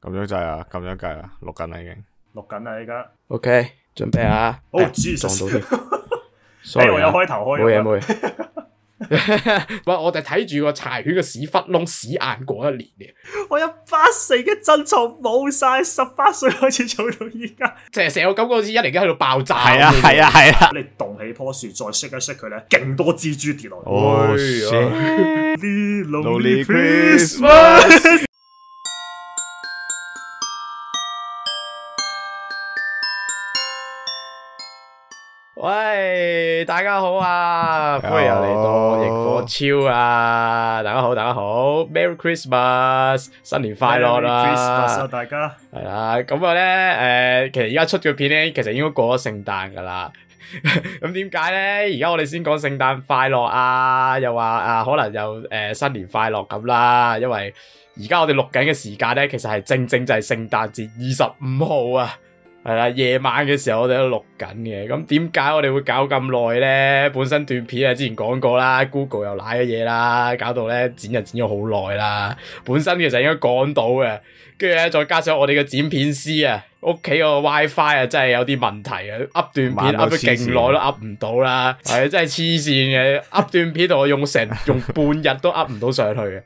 咁樣計啊，咁樣計啊，錄緊啦已經，錄緊啦依家。O K，準備好，哦，蜘蛛，所以我有開頭開冇嘢冇。喂，我哋睇住個柴犬嘅屎忽窿屎眼過一年嘅。我有八成嘅珍藏冇晒，十八歲開始做到依家，即係成個感覺好似一年一喺度爆炸。啊係啊係啊！你動起棵樹再 shake 一 shake 佢咧，勁多蜘蛛跌落嚟。喂，大家好啊， 歡迎嚟到營火 Talk 啊！大家好，大家好，Merry Christmas，新年快樂啦，Merry Christmas 大家。係啦，咁啊咧，誒、呃，其實而家出咗片咧，其實應該過咗聖誕噶啦。咁點解咧？而家我哋先講聖誕快樂啊，又話啊，可能又誒、呃、新年快樂咁啦，因為而家我哋錄緊嘅時間咧，其實係正正就係聖誕節二十五號啊。係啦，夜晚嘅時候我哋都錄緊嘅，咁點解我哋會搞咁耐咧？本身段片啊，之前講過啦，Google 又瀨咗嘢啦，搞到咧剪就剪咗好耐啦。本身其實應該講到嘅，跟住咧再加上我哋嘅剪片師啊，屋企個 WiFi 啊真係有啲問題啊 upload 段片 upload 勁耐都 upload 唔到啦，係 真係黐線嘅 upload 段片我用成用半日都 upload 唔到上去嘅，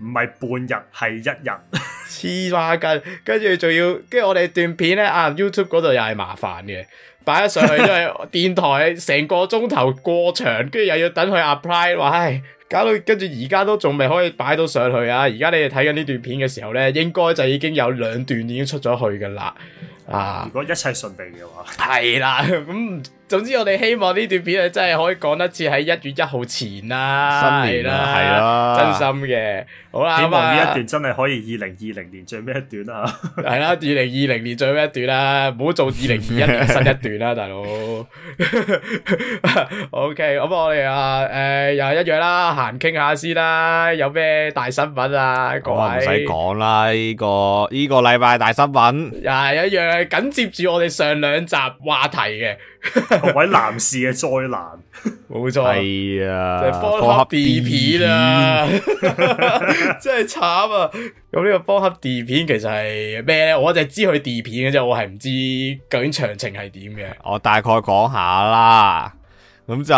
唔係半日係一日。 黐孖筋，跟住仲要，跟住我哋段片咧啊，YouTube 嗰度又係麻煩嘅，擺咗上去因為電台成個鐘頭過長，跟住又要等佢 apply，話唉，搞到跟住而家都仲未可以擺到上去啊！而家你哋睇緊呢段片嘅時候咧，應該就已經有兩段已經出咗去噶啦啊！如果一切順利嘅話，係啦，咁、嗯。總之我哋希望呢段片1 1啊，真係可以講一次喺一月一號前啦，新年啦、啊，係啦、啊，啊、真心嘅。好啦、啊，希望呢一段真係可以二零二零年最尾一段啦。係啦、嗯啊，二零二零年最尾一段啦。唔好做二零二一年新一段啦、啊，大佬。 OK，咁我哋啊，誒、呃、又係一樣啦、啊，閒傾下先啦、啊，有咩大新聞啊？我唔使講啦，呢、這個依、這個禮拜大新聞、啊、又係一樣，緊接住我哋上兩集話題嘅。 位男士嘅災難 錯，冇錯，係啊，即係方合地片啊，合 真係慘啊！咁呢個方合地片其實係咩咧？我就係知佢地片嘅啫，我係唔知究竟詳情係點嘅。我大概講下啦，咁就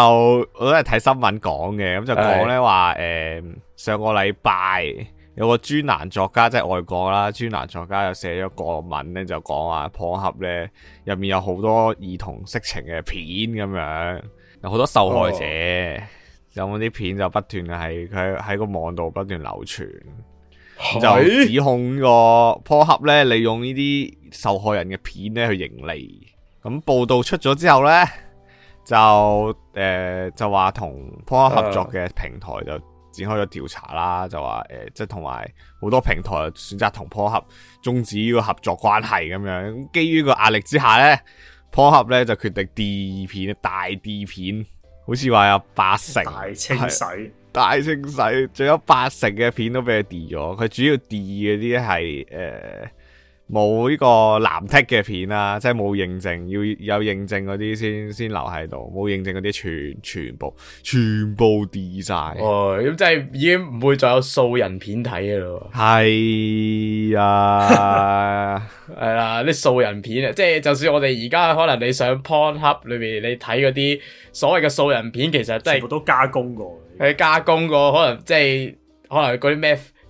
我都係睇新聞講嘅，咁就講咧話，誒的、呃，上個禮拜。有個專欄作家即係、就是、外國啦，專欄作家又寫咗個文咧，就講話破盒咧入面有好多兒童色情嘅片咁樣，有好多受害者，oh. 有冇啲片就不斷係佢喺個網度不斷流傳，oh. 就指控個呢個破盒咧利用呢啲受害人嘅片咧去盈利。咁報道出咗之後咧，就誒、呃、就話同破盒合作嘅平台就。Oh. 展開咗調查啦，就話誒、欸，即係同埋好多平台選擇同破合終止呢個合作關係咁樣。基於個壓力之下呢破合呢就決定 D 片大 D 片，好似話有八成大清洗，大清洗，仲有八成嘅片都俾佢 D 咗。佢主要 D 嗰啲係誒。呃冇呢個藍剔嘅片啦，即係冇認證，要有認證嗰啲先先留喺度，冇認證嗰啲全全部全部 delete 曬。哦，咁即係已經唔會再有素人片睇嘅咯。係啊呀，係啊， 啲素人片啊，即係就算我哋而家可能你上 PornHub 裏邊你睇嗰啲所謂嘅素人片，其實都係全部都加工過，係加工過，可能即係可能嗰啲咩。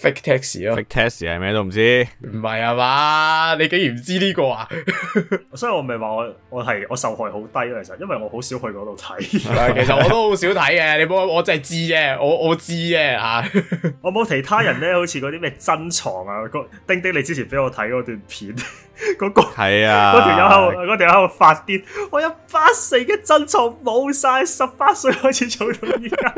Fake taxi 咯，Fake taxi 係咩都唔知，唔係啊嘛？你竟然唔知呢個啊？ 所以我咪話我我係我受害好低咯，其實因為我好少去嗰度睇，其實我都好少睇嘅。你我我真係知嘅，我我知嘅吓。啊、 我冇其他人咧，好似嗰啲咩珍藏啊，個丁丁你之前俾我睇嗰段片，嗰、那個係啊，嗰條友嗰條友喺度發癲，我有八成嘅珍藏冇晒，十八歲開始做到而家。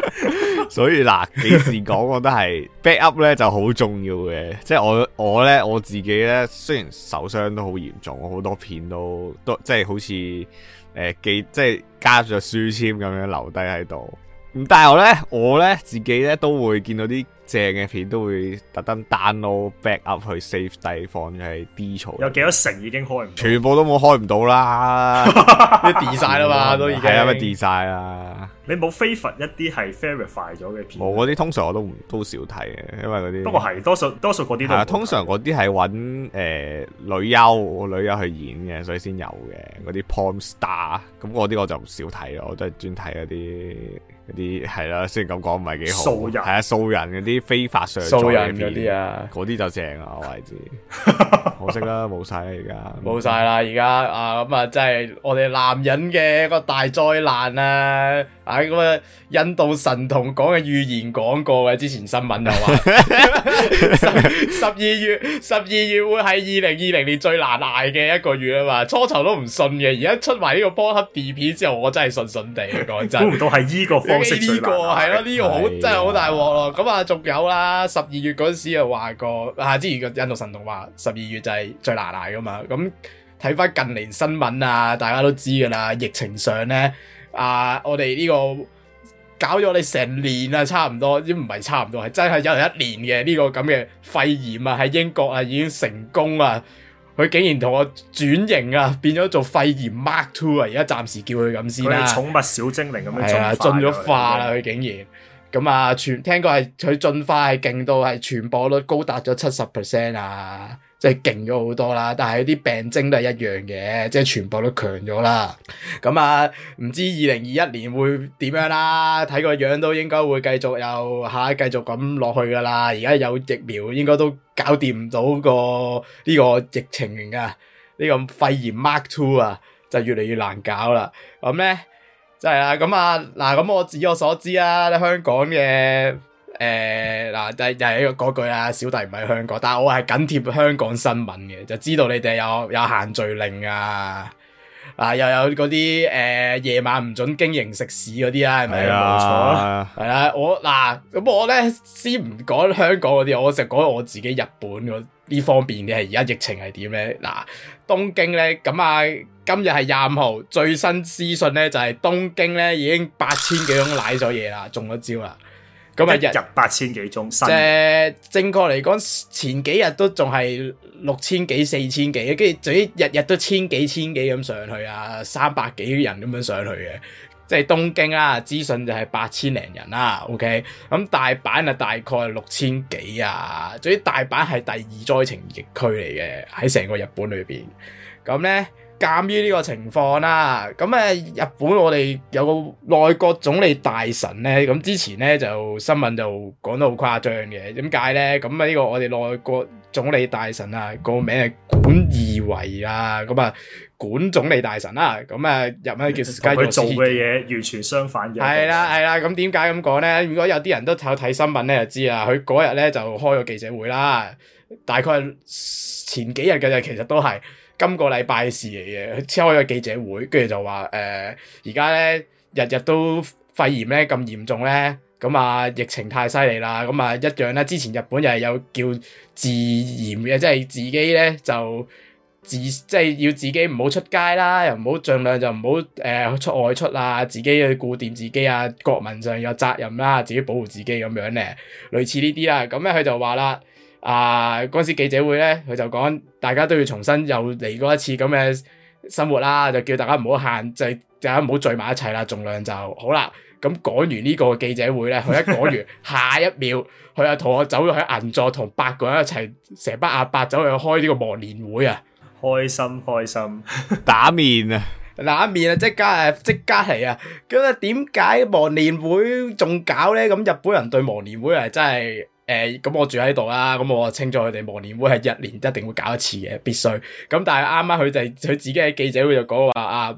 所以嗱，幾時講我都係 backup 咧就。好重要嘅，即係我我呢，我自己呢，雖然受傷都好嚴重，我好多片都都即係好似誒、呃、即係加咗書籤咁樣留低喺度。咁但係我呢，我呢自己呢，都會見到啲。正嘅片都會特登 download back up 去 save 低放就係 B 槽。All, 有幾多成已經開唔到？全部都冇開唔到啦，啲 D 晒啦嘛， 的都已經係咪 D 晒啦？你冇 favorite 一啲係 verify 咗嘅片？冇嗰啲通常我都唔都少睇嘅，因為嗰啲不過係多數多數嗰啲係通常嗰啲係搵誒女優女優去演嘅，所以先有嘅嗰啲 porn star。咁我啲我就少睇，我都係專睇一啲。嗰啲係啦，雖然咁講唔係幾好，係啊素人，素人嗰啲非法上載片，嗰啲、啊、就正 啊，我係知，可惜啦，冇晒啦而家，冇晒啦而家啊，咁啊，真係我哋男人嘅一個大災難啊！啊！咁啊，印度神童講嘅預言講過嘅，之前新聞就話 十,十二月十二月會係二零二零年最難捱嘅一個月啊嘛，初頭都唔信嘅，而家出埋呢個波黑地片之後，我真係信信地講真。估唔到係依個方式難難，呢個係咯，呢個好真係好大鑊咯。咁啊，仲有啦，十二月嗰陣時又話過啊，之前個印度神童話十二月就係最難捱㗎嘛。咁睇翻近年新聞啊，大家都知噶啦，疫情上咧。啊！Uh, 我哋呢個搞咗你成年啊，差唔多，都唔係差唔多，係真係有有一年嘅呢，這個咁嘅肺炎啊，喺英國啊已經成功啊，佢竟然同我轉型啊，變咗做肺炎 Mark Two 啊，而家暫時叫佢咁先啦，啊。寵物小精靈咁樣係，進咗化啦佢，啊、對竟然咁，嗯、啊，傳聽講係佢進化係勁到係傳播率高達咗七十 percent 啊！即係勁咗好多啦，但係啲病徵都係一樣嘅，即係全部都強咗啦。咁啊，唔知二零二一年會點樣啦？睇個樣都應該會繼續又嚇、啊、繼續咁落去噶啦。而家有疫苗，應該都搞掂唔到個呢個疫情啊，呢、呢個肺炎 Mark Two 啊，就越嚟越難搞啦。咁咧，就係、係、啦。咁啊，嗱，咁我自我所知啊，香港嘅。誒，嗱，呃，又又係一個嗰句啊，小弟唔喺香港，但我係緊貼香港新聞嘅，就知道你哋有有限聚令啊，啊，呃，又有嗰啲誒，夜晚唔准經營食肆嗰啲啦，係咪啊？冇錯，係啦，我嗱，咁，呃，我咧先唔講香港嗰啲，我成日講我自己日本嗰呢方面嘅，而家疫情係點咧？嗱，呃，東京咧，咁啊，今日係廿五號，最新資訊咧就係、是、東京咧已經八千幾宗瀨咗嘢啦，中咗招啦。.咁啊，日日八千幾宗，即正確嚟講，前幾日都仲係六千幾、四千幾，跟住仲要日日都千幾、千幾咁上去，上去啊，三百幾人咁樣上去嘅，即係東京啦，資訊就係八千零人啦，OK，咁大阪啊大概六千幾啊，總之大阪係第二災情疫區嚟嘅，喺成個日本裏邊，咁咧。鑒於呢個情況啦，咁啊，日本我哋有個內閣總理大臣咧，咁之前咧就新聞就講得好誇張嘅，點解咧？咁啊呢個我哋內閣總理大臣啊個名係管義偉啊，咁啊管總理大臣啦，咁啊入面叫，佢做嘅嘢，完全相反嘅。係啦係啦，咁點解咁講咧？如果有啲人都有睇新聞咧，就知啊，佢嗰日咧就開個記者會啦，大概前幾日嘅啫其實都係。今個禮拜事嚟嘅，佢開咗記者會，跟住就話：誒、呃，而家咧日日都肺炎咧咁嚴重咧，咁啊疫情太犀利啦，咁啊一樣啦。之前日本又係有叫自然，嘅，即係自己咧就自即係、就是、要自己唔好出街啦，又唔好盡量就唔好誒出外出啊，自己去顧掂自己啊，國民上有責任啦，自己保護自己咁樣咧，類似呢啲啦。咁咧佢就話啦。啊！嗰陣時記者會咧，佢就講大家都要重新又嚟過一次咁嘅生活啦，就叫大家唔好限，就大家唔好聚埋一齊啦，盡量就好啦。咁講完呢個記者會咧，佢一講完 下一秒，佢就同我走咗去銀座，同八個人一齊成班阿伯走去開呢個忘年會啊！開心開心， 打面啊！打面啊！即刻啊！即刻嚟啊！咁啊點解忘年會仲搞咧？咁日本人對忘年會係真係～誒，咁、呃、我住喺度啦，咁我清楚佢哋忘年會係一年一定會搞一次嘅，必須。咁但係啱啱佢就佢自己嘅記者會就講話啊，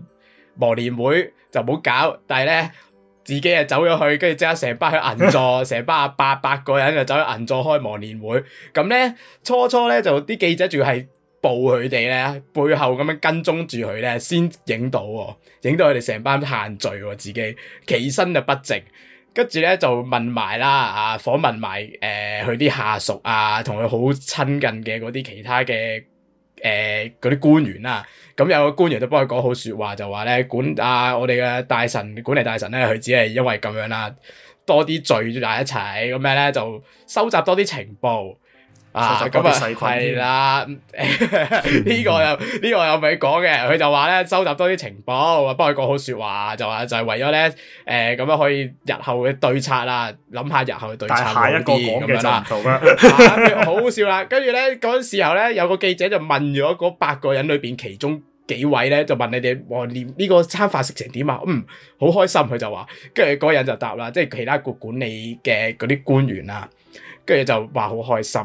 忘年會就唔好搞，但係咧自己就走咗去，跟住即刻成班去銀座，成 班八百個人就走去銀座開忘年會。咁咧初初咧就啲記者仲要係報佢哋咧背後咁樣跟蹤住佢咧，先影到，影到佢哋成班限聚，啊，自己企身就不直。跟住咧就問埋啦，啊訪問埋誒佢啲下屬啊，同佢好親近嘅嗰啲其他嘅誒嗰啲官員啦、啊。咁有個官員都幫佢講好説話，就話咧管啊我哋嘅大臣管理大臣咧，佢只係因為咁樣啦，多啲聚在一齊，咁樣咧就收集多啲情報。啊咁啊，係啦！呢 個又呢、這個又咪講嘅，佢就話咧，收集多啲情報，話幫佢講好説話，就話就係為咗咧，誒、呃、咁樣可以日後嘅對策啦，諗下日後嘅對策好啲咁樣啦。好、啊、笑啦！跟住咧嗰陣時候咧，有個記者就問咗嗰八個人裏邊其中幾位咧，就問你哋王連呢個餐飯食成點啊？嗯，好開心，佢就話，跟住嗰人就答啦，即係其他局管理嘅嗰啲官員啦，跟住就話好開心。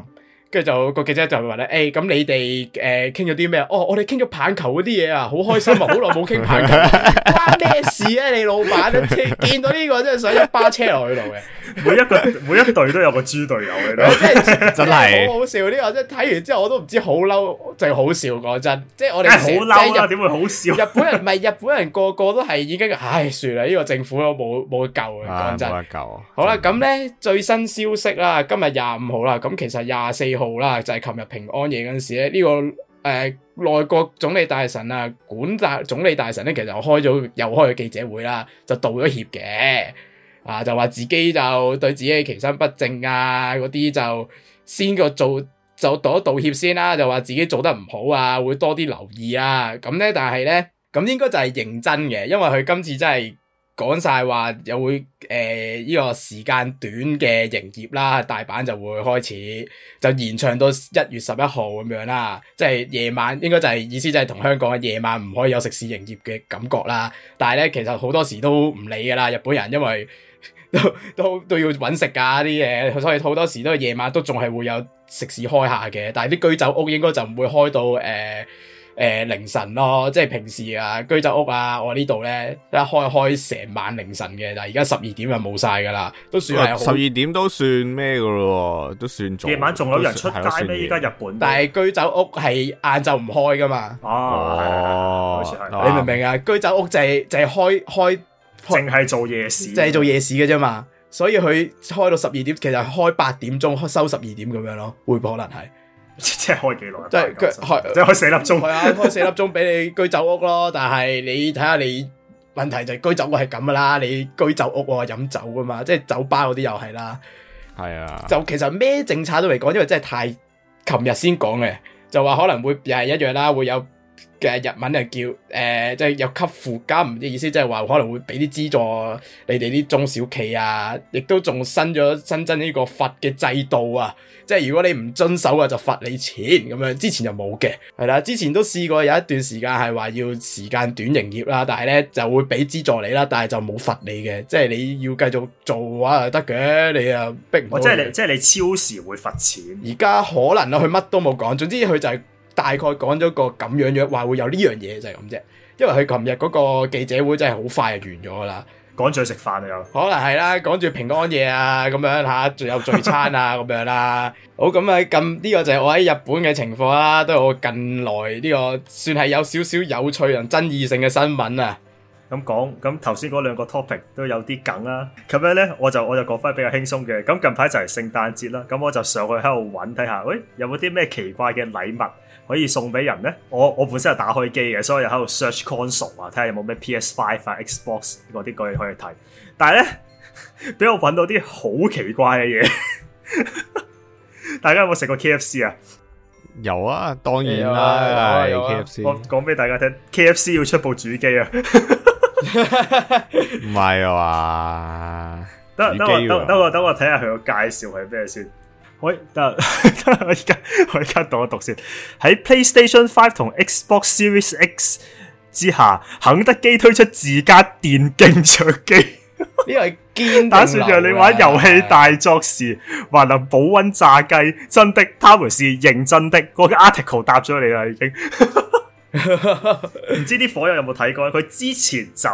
跟住就個記者就問咧，誒咁你哋誒傾咗啲咩啊？哦，我哋傾咗棒球嗰啲嘢啊，好開心啊！好耐冇傾棒球，關咩事啊？你老闆，見到呢個真係想一巴車落去度嘅。每一個每一隊都有個豬隊友喺度，真係好好笑呢個！真係睇完之後我都唔知好嬲定好笑，講真，即係我哋好嬲啊！點會好笑？日本人唔係日本人，個個都係已經唉，算啦！呢個政府都冇冇救嘅，講真。冇得救。好啦，咁咧最新消息啦，今日廿五號啦，咁其實廿四號啦，就係琴日平安夜嗰陣時咧，呢、這個誒內閣總理大臣啊，管大總理大臣咧，其實就開咗又開咗記者會啦，就道咗歉嘅，啊就話自己就對自己嘅其身不正啊，嗰啲就先個做就道一道歉先啦，啊，就話自己做得唔好啊，會多啲留意啊，咁咧但係咧，咁應該就係認真嘅，因為佢今次真係。講晒話又會誒呢、呃這個時間短嘅營業啦，大阪就會開始就延長到一月十一號咁樣啦，即係夜晚應該就係、係、意思就係同香港嘅夜晚唔可以有食肆營業嘅感覺啦。但係咧其實好多時都唔理㗎啦，日本人因為都都都要揾食㗎啲嘢，所以好多時都夜晚都仲係會有食肆開下嘅，但係啲居酒屋應該就唔會開到誒。呃誒、呃、凌晨咯，即係平時啊，居酒屋啊，我呢度咧一開開成晚凌晨嘅，但係而家十二點就冇晒㗎啦，都算係十二點都算咩㗎咯喎，都算夜晚仲有人出街咩？而家算日本，但係居酒屋係晏晝唔開㗎嘛？啊、哦，你明唔明啊？居酒屋就係、是、就係、是、開開，淨係做夜市，淨係做夜市嘅啫嘛，所以佢開到十二點，其實開八點鐘收十二點咁樣咯，會唔會可能係？即係開幾耐？即係佢即係開四粒鐘。係啊，開四粒鐘俾你居酒屋咯。 但係你睇下，你問題就係居酒屋係咁噶啦。你居酒屋飲酒噶嘛？即係酒吧嗰啲又係啦。係啊。就其實咩政策都嚟講，因為真係太，琴日先講嘅，就話可能會又係一樣啦，會有。嘅日文係叫誒、呃，即係有給付金嘅意思，即係話可能會俾啲資助你哋啲中小企啊，亦都仲新咗新增呢個罰嘅制度啊，即係如果你唔遵守啊，就罰你錢咁樣。之前就冇嘅，係啦，之前都試過有一段時間係話要時間短營業啦，但係咧就會俾資助你啦，但係就冇罰你嘅，即係你要繼續做嘅話得嘅，你啊逼唔到、哦。即係即係你超時會罰錢，而家可能啦，佢乜都冇講，總之佢就係、是。大概講咗個咁樣樣，話會有呢樣嘢就係咁啫。因為佢琴日嗰個記者會真係好快就完咗噶啦，趕住去食飯又可能係啦，趕住平安夜啊咁樣嚇，仲有聚餐啊咁 樣啦。好咁啊，近呢個就係我喺日本嘅情況啦，都係我近來呢個算係有少少有趣同爭議性嘅新聞啊。咁講咁頭先嗰兩個 topic 都有啲梗啦，咁樣咧我就我就講翻比較輕鬆嘅。咁近排就係聖誕節啦，咁我就上去喺度揾睇下，喂、哎、有冇啲咩奇怪嘅禮物？可以送俾人咧，我我本身係打開機嘅，所以又喺度 search console 看看，有有啊，睇下有冇咩 PS Five、Xbox 嗰啲嘢可以睇，但係咧俾我搵到啲好奇怪嘅嘢。 大家有冇食過 KFC 啊？有啊，當然啦。我講俾大家聽，KFC 要出部主機啊，唔係啊？嘛，等等等，我等我睇下佢個介紹係咩先。喂，得 我而家我而家讀一讀先，喺 PlayStation Five 同 Xbox Series X 之下，肯德基推出自家電競桌機，呢個係堅打算，讓你玩遊戲大作時， 是是還能保温炸雞，真的，他們是認真的。那個 article 答咗你啦，已經，唔 知啲火友有冇睇過。佢之前就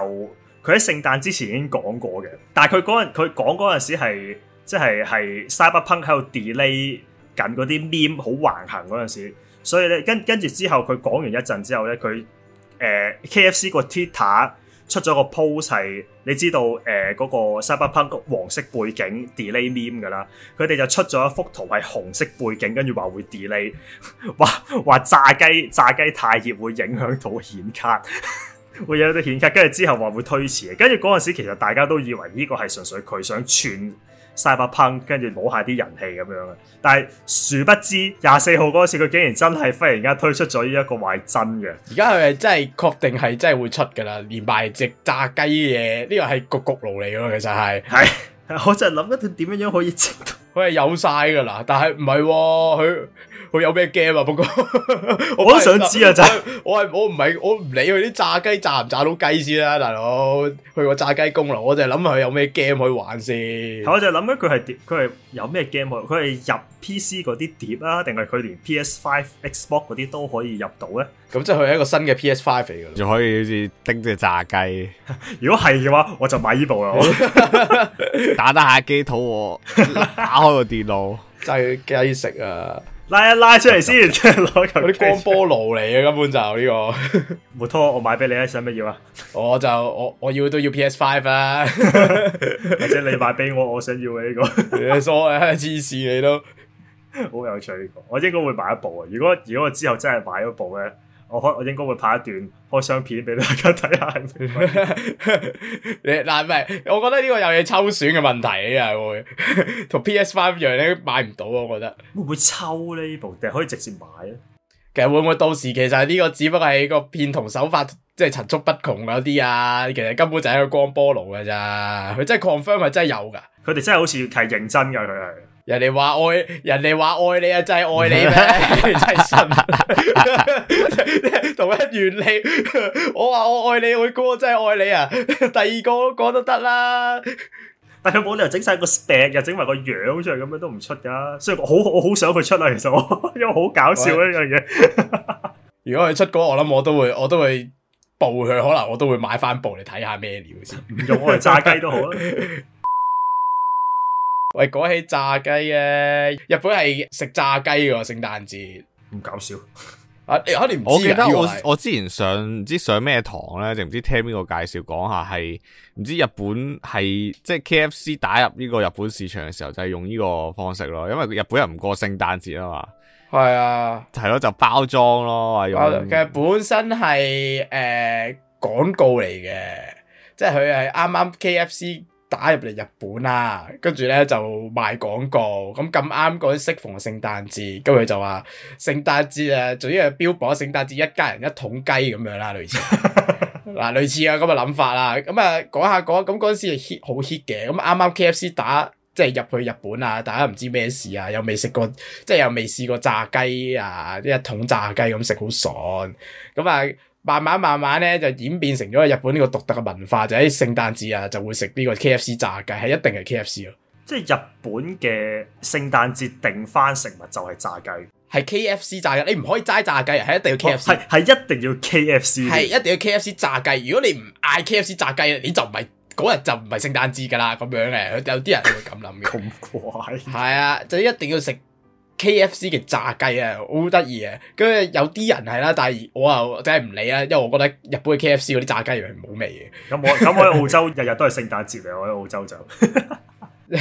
佢喺聖誕之前已經講過嘅，但係佢嗰陣佢講嗰陣時係。即係係 Cyberpunk 喺度 delay 緊嗰啲 Meme 好橫行嗰陣時，所以咧跟跟住之後佢講完一陣之後咧，佢誒、呃、KFC 個 Twitter 出咗個 post 係，你知道誒嗰、呃那個 Cyberpunk 黃色背景 delay Meme 㗎啦，佢哋就出咗一幅圖係紅色背景，跟住話會 delay，話話炸雞炸雞太熱會影響到顯卡，會影響到顯卡，跟住之後話會推遲，跟住嗰陣時其實大家都以為呢個係純粹佢想串。晒把烹，跟住攞下啲人氣咁樣啊！但係殊不知廿四號嗰時，佢竟然真係忽然間推出咗呢一個偽真嘅。而家佢係真係確定係真係會出㗎啦，連賣隻炸雞嘅嘢，呢、這個係焗焗爐嚟嘅其實係。係， 我就係諗緊點樣樣可以知道，佢係有晒㗎啦，但係唔係喎佢。佢有咩 game 啊？ 不過是我都想知啊、就係、炸炸炸啊！就我係我唔係我唔理佢啲炸雞炸唔炸到雞先啦，大佬去個炸雞工啦！我就諗佢有咩 game 可以玩先。我就諗緊佢係碟，佢係有咩 game？佢係入 PC 嗰啲碟啊，定係佢連 PS5、Xbox 嗰啲都可以入到咧？咁即係佢係一個新嘅 PS5 嚟噶啦， 可以好似叮隻炸雞。 如果係嘅話，我就買呢部啦。 打打下機肚，肚 打開個電腦，真係雞食啊！拉一拉出嚟先，即係攞嗰啲光波爐嚟嘅，根本就呢、這個。冇拖我買俾你啊！想乜要啊？我就我我要都要 PS Five 啊，或者你買俾我，我想要嘅呢、這個 yes。你傻啊！黐線！你都好有趣呢個，我應該會買一部。如果如果我之後真係買嗰部咧。我我應該會拍一段開箱片俾大家睇下。你嗱唔係，我覺得呢個有嘢抽選嘅問題啊，會同 PS Five 一樣咧買唔到啊，我覺得。會唔會抽呢部定係可以直接買咧？其實會唔會到時其實呢個只不過係個騙徒手法，即係層出不窮嗰啲啊。其實根本就係一個光波爐嘅咋、啊。佢真係 confirm 係真係有㗎。佢哋真係好似係認真㗎佢哋。人哋話愛，人哋話愛你啊，就係愛你咩？係咪真？同一原理，我話我愛你，我哥真係愛你啊！第二個講都得啦。但係冇理由整晒個聲又整埋個樣出嚟，咁樣都唔出噶。所以我好，我好想佢出啊。其實我因為好搞笑呢我樣嘢。 如果佢出歌，我諗我都會，我都會報佢。可能我都會買翻部嚟睇下咩料先，唔用我嚟炸雞都好啦。 喂，講起炸雞嘅，啊，日本係食炸雞嘅喎，聖誕節唔搞笑啊！你可能唔我記得我我之前上唔知上咩堂咧，定唔知聽邊個介紹講下係唔知日本係即係 K F C 打入呢個日本市場嘅時候就係、是、用呢個方式咯，因為日本人唔過聖誕節啊嘛。係啊，係咯，就包裝咯，用其本身係誒廣告嚟嘅，即係佢係啱啱 K F C。打入嚟日本啦、啊，跟住咧就賣廣告。咁咁啱嗰陣時適逢聖誕節，咁佢就話聖誕節啊，做啲嘅標榜聖誕節一家人一桶雞咁樣啦、啊，類似嗱 類似啊咁嘅諗法啦。咁啊講下講，咁嗰陣時係 hit 好 hit 嘅。咁啱啱 KFC 打即係入去日本啊，大家唔知咩事啊，又未食過，即係又未試過炸雞啊，一桶炸雞咁食好爽。咁啊～慢慢慢慢咧就演變成咗日本呢個獨特嘅文化，就喺、係、聖誕節啊就會食呢個 KFC 炸雞，係一定係 KFC 咯。即係日本嘅聖誕節定翻食物就係炸雞，係 KFC 炸嘅，你唔可以齋炸雞，係一定 KFC，係一定要 KFC，係、哦、一定要 KFC 炸雞。如果你唔嗌 KFC 炸雞，你就唔係嗰日就唔係聖誕節㗎啦。咁樣嘅，有啲人會咁諗嘅。咁 怪？係啊，就一定要食。K F C 嘅炸雞啊，好得意啊。跟住有啲人係啦，但係我又真係唔理啦，因為我覺得日本嘅 K F C 嗰啲炸雞唔好味嘅。咁我咁我喺澳洲日日都係聖誕節嚟， 我喺澳洲就， 因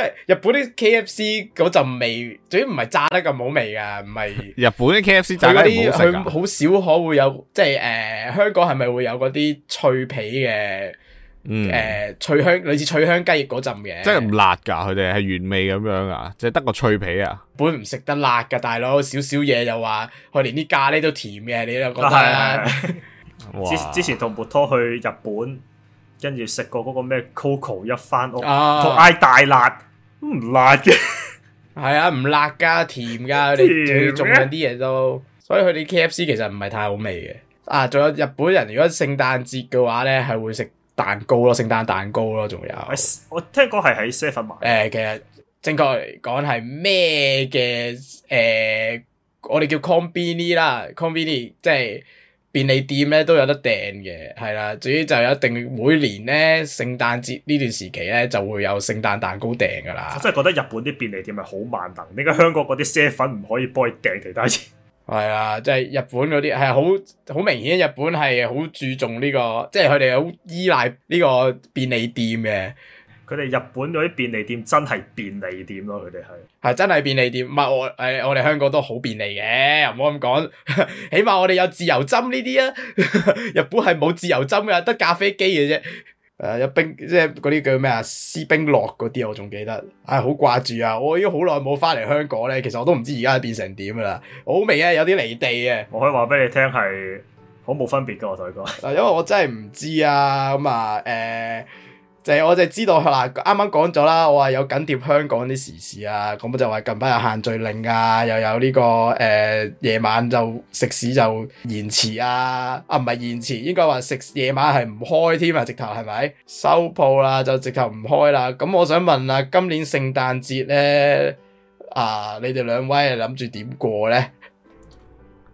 為日本啲 K F C 嗰陣味，總之唔係炸得咁好味噶，唔係。日本啲 K F C 炸雞佢好少可會有，即係誒、呃、香港係咪會有嗰啲脆皮嘅？誒、嗯呃，脆香類似脆香雞翼嗰陣嘅，真係唔辣噶，佢哋係原味咁樣啊，即係得個脆皮啊。本唔食得辣噶，大佬少少嘢，就話，佢連啲咖喱都甜嘅，你又覺得咧？之之前同拍拖去日本，跟住食過嗰個咩 Coco，一翻屋同嗌，大辣，唔辣嘅。係啊，唔、 啊啊、辣噶，甜噶，佢哋仲有啲嘢都，所以佢哋 KFC 其實唔係太好味嘅。啊，仲有日本人如果聖誕節嘅話咧，係會食。蛋糕咯，聖誕蛋糕咯，仲有。我聽講係喺 seven 買。誒、呃，其實正確講係咩嘅？誒、呃，我哋叫 konbini 啦，konbini 即係便利店咧，都有得訂嘅，係啦。至於就有一定每年咧聖誕節呢段時期咧就會有聖誕蛋糕訂㗎啦。我真係覺得日本啲便利店係好萬能，點解香港嗰啲 seven 唔可以幫你訂其他 係啊，即係日本嗰啲，係好好明顯。日本係好注重呢個，即係佢哋好依賴呢個便利店嘅。佢哋日本嗰啲便利店真係便利店咯，佢哋係係真係便利店。唔係我，誒，我哋香港都好便利嘅，唔好咁講。 起碼我哋有自由針呢啲啊， 日本係冇自由針嘅，得咖啡機嘅啫。誒、呃，有冰即係嗰啲叫咩啊？思樂冰嗰啲我仲記得，唉，好掛住啊！我已經好耐冇翻嚟香港咧，其實我都唔知而家變成點嘅啦，好味啊，有啲離地啊！我可以話俾你聽係好冇分別噶，我睇過。嗱， 因為我真係唔知啊，咁、嗯、啊，誒、呃。就我哋知道啦，啱啱講咗啦，我話有緊貼香港啲時事啊，咁就話近排有限聚令啊，又有呢、這個誒夜、呃、晚就食肆就延遲啊，啊唔係延遲，應該話食夜晚係唔開添啊，直頭係咪收鋪啦，就直頭唔開啦。咁我想問啊，今年聖誕節咧啊，你哋兩位係諗住點過咧？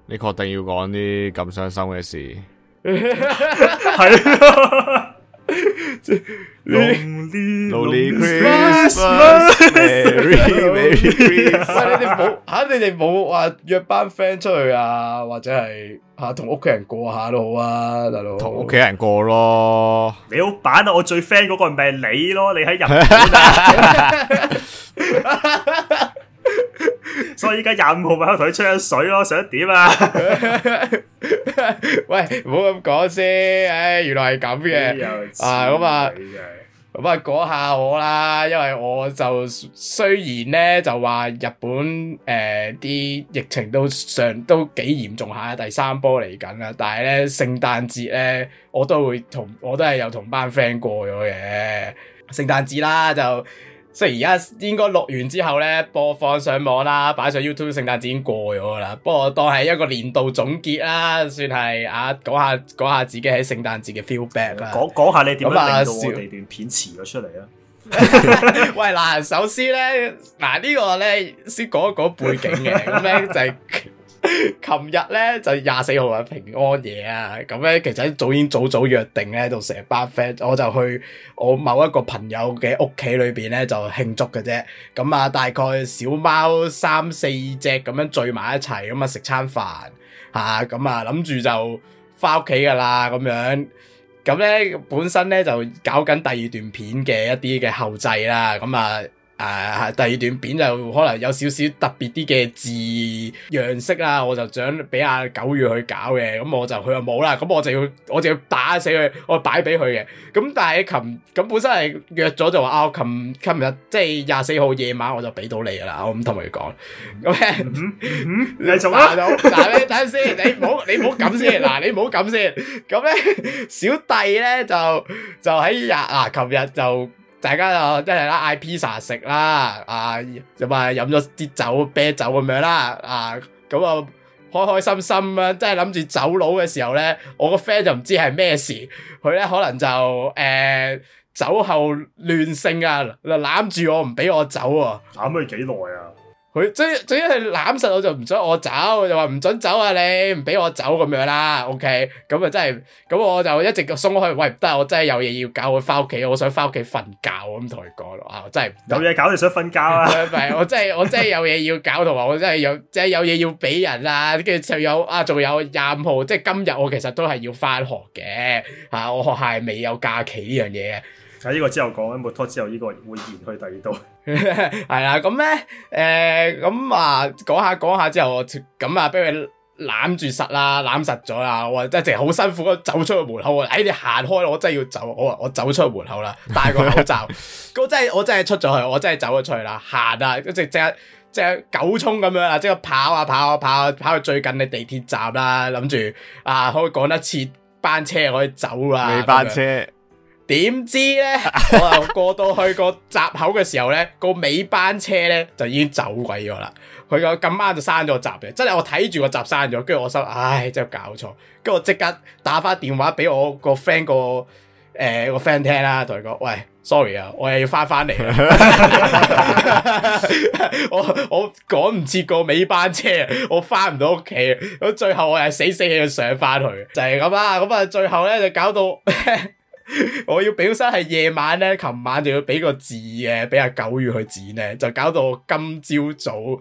你確定要講啲咁傷心嘅事？係。 即 c r Lonely, Lonely Christmas，Merry，喂，你哋冇吓？你哋冇話約班 friend 出去啊，或者係吓同屋企人過下都好啊，大佬。同屋企人過咯。你好，板啊！我最 friend 嗰個人咪係你咯，你喺入邊。 所以依家廿五號咪同佢吹水咯，想點啊？ 喂，唔好咁講先，哎，原來係咁嘅，啊，咁啊，咁啊，講下我啦，因為我就雖然咧就話日本誒啲、呃、疫情都上都幾嚴重下，第三波嚟緊啦，但係咧聖誕節咧，我都會同我都係有同班 friend 過咗嘅聖誕節啦，就。即係而家應該錄完之後咧，播放上網啦，擺上 YouTube 聖誕節已經過咗啦。不過當係一個年度總結啦，算係啊，講下講下自己喺聖誕節嘅 feel back 啦啊。講講下你點令到我哋段片遲咗出嚟啊？ 喂，嗱，首先咧，嗱、呢個、呢個咧先講一講背景嘅咁咧就係、係。 琴日咧就廿四號係平安夜啊，咁咧其實早已經早早約定咧，到成日班 friend，我就去我某一個朋友嘅屋企裏邊咧就慶祝嘅啫。咁啊，大概小貓三四隻咁樣聚埋一齊，咁啊食餐飯吓，咁啊諗住就翻屋企噶啦，咁樣咁咧本身咧就搞緊第二段片嘅一啲嘅後製啦，咁啊。誒、啊，第二段片就可能有少少特別啲嘅字樣式啦。我就想俾阿九月去搞嘅，咁我就佢又冇啦，咁我就要我就要打死佢，我擺俾佢嘅，咁但係琴咁本身係約咗就話啊，我琴琴日即係廿四號夜晚我就俾到你噶啦，我咁同佢講，咁你做 啊？嗱，你睇下先，你唔好你唔好咁先，嗱，你唔好咁先，咁咧小弟咧就就喺廿啊，琴日就。啊大家就一係啦嗌 pizza 食啦，啊，同埋飲咗啲酒啤酒咁樣啦，啊、呃，咁啊開開心心啦，即係諗住走佬嘅時候咧，我個 friend 就唔知係咩事，佢咧可能就誒酒後亂性啊，攬住我唔俾我走喎，攬咗幾耐啊？佢最最一係攬實我就唔準我走，就話唔准走啊你，唔俾我走咁樣啦。OK，咁啊真係咁我就一直鬆開，喂，唔得我真係有嘢要搞，我翻屋企，我想翻屋企瞓覺咁同佢講咯。啊，真係有嘢搞就想瞓覺啊！唔係，我真係我真係有嘢要搞，同埋我真係有即係有嘢要俾人啊。跟住就有啊，仲有廿五號，即係今日我其實都係要翻學嘅嚇、啊，我學校係未有假期呢樣嘢。喺呢個之後講，末拖之後呢個會延去第二度。係啦，咁咧，誒，咁啊，講下講下之後，咁啊，俾佢攬住實啦，攬實咗啦。我真係好辛苦，走出個門口。哎、欸，你行開，我真係要走。我我走出去門口啦，戴個口罩。 我真係我真係出咗去，我真係走咗出去啦，行啦，一直即係即狗衝咁樣啦，即係跑啊跑啊跑啊，跑到最近嘅地鐵站啦，諗住啊可以趕得切班車可以走啦，啊，未班車。 點知咧？我又過到去、個閘口嘅時候咧，個尾班車咧就已經走鬼咗啦。佢個咁啱就閂咗個閘嘅，真係我睇住個閘閂咗，跟住我心唉，真係搞錯、那個那個。跟住我即刻打翻電話俾我個 friend 個誒個 friend 聽啦，同佢講：喂，sorry 啊，我又要翻翻嚟。我我趕唔切個尾班車，我翻唔到屋企。咁最後我係死死氣要上翻去，就係咁啊。咁啊，最後咧就搞到。 我要表示係夜晚咧，琴晚就要俾個字嘅，俾阿狗月去剪咧，就搞到今朝早誒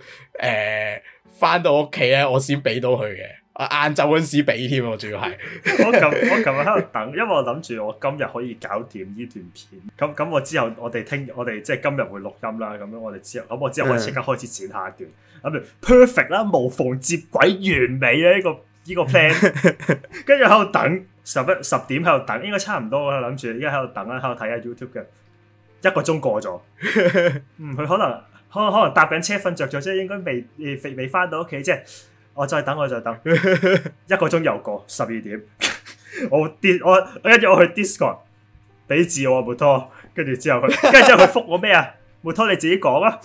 翻、呃、到屋企咧，我先俾到佢嘅。啊，晏晝嗰時俾添，我仲要係。 我琴我琴日喺度等，因為我諗住我今日可以搞掂呢段片。咁咁，我之後我哋聽我哋即係今日會錄音啦。咁樣我哋之後咁我之後可以即刻開始剪下一段。咁就 perfect 啦，無縫接軌，完美啊！呢、這個呢、這個 plan，跟住喺度等。十一十點喺度等，應該差唔多啦。諗住依家喺度等啊，喺度睇下 YouTube 嘅一個鐘過咗。嗯，佢可能可能可能搭緊車瞓着咗，即係應該未未返到屋企，即係我再等我再等 一個鐘又過十二點。我跌我跟住我，我，我，我去 Discord 俾字我，冇拖。跟住之後佢跟住之後佢覆我咩啊？冇拖你自己講啊！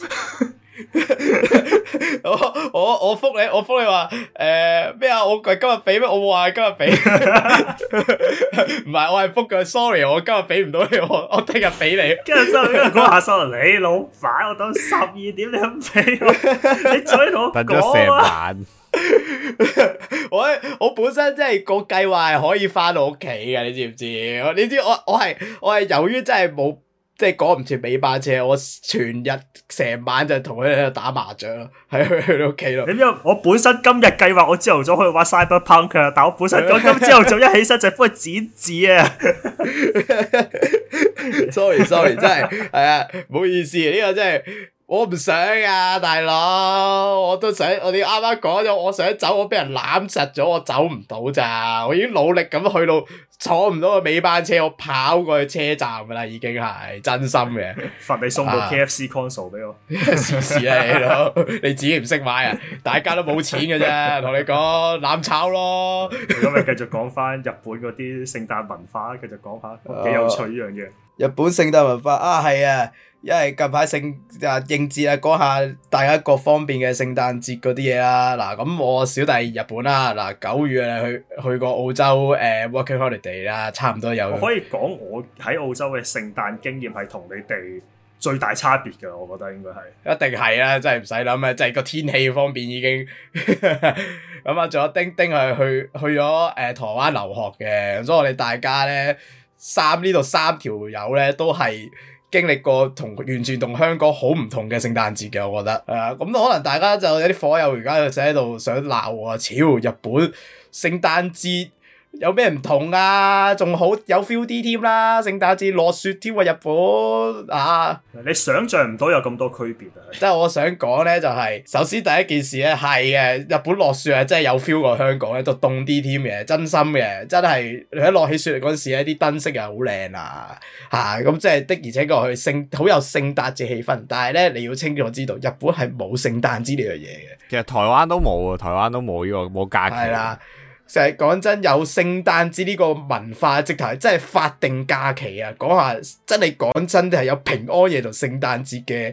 我我我覆你，我覆你話誒咩啊？我今日俾咩？我冇話今日俾， 唔係我係覆佢。Sorry，我今日俾唔到你，我我聽日俾你 今。今日 sorry，你老闆，我等十二點你唔俾，你嘴同講啊。等咗成晚。 我本身即係、個計劃係可以翻到屋企嘅，你知唔知？你知我我係我係由於真係冇。即係趕唔切尾班車，我全日成晚就同佢喺度打麻將，喺佢佢屋企咯。你呢個我本身今日計劃，我朝頭早去玩 cyberpunk 但我本身講今朝頭早一起身就幫佢剪紙啊。 Sorry，Sorry， sorry, 真係，係 啊，唔好意思，呢、呢個真係我唔想啊，大佬，我都想，我哋啱啱講咗，我想走，我俾人攬實咗，我走唔到咋，我已經努力咁去到。坐唔到個尾班車，我跑過去車站噶啦，已經係真心嘅。罰你送部 KFC console 俾我，試試啊！你， 你自己唔識買啊？ 大家都冇錢嘅啫，同 你講攬炒咯。咁咪繼續講翻日本嗰啲聖誕文化，繼續講下，幾有趣呢樣嘢。日本聖誕文化啊，係啊。因為近排聖啊應節啊，講下大家各方面嘅聖誕節嗰啲嘢啦。嗱、啊，咁我小弟日本啦、啊，嗱、啊、九月去去過澳洲誒、呃、working holiday 啦、啊，差唔多有。我可以講我喺澳洲嘅聖誕經驗係同你哋最大差別嘅，我覺得應該係。一定係啦，真係唔使諗啊！就係個天氣方面已經咁 啊，仲有丁丁係去去咗誒、呃、台灣留學嘅，所以我哋大家咧三呢度三條友咧都係。經歷過同完全同香港好唔同嘅聖誕節嘅，我覺得啊，咁、uh, 可能大家就有啲火友而家就喺度想鬧啊！超日本聖誕節。有咩唔同啊？仲好有 feel 啲添啦！聖誕節落雪添啊，日本啊！你想象唔到有咁多區別啊！即係我想講呢，就係首先第一件事呢，係嘅，日本落雪係真係有 feel 過香港咧，都凍啲添嘅，真心嘅，真係喺落起雪嚟嗰陣時咧，啲燈飾又好靚啊嚇！咁即係的，的啊、的而且確係聖好有聖誕節氣氛。但係呢，你要清楚知道，日本係冇聖誕節呢樣嘢嘅。其實台灣都冇啊，台灣都冇呢、呢個冇假期。成日講真有聖誕節呢個文化直頭係真係法定假期啊！講下真係講真，係有平安夜同聖誕節嘅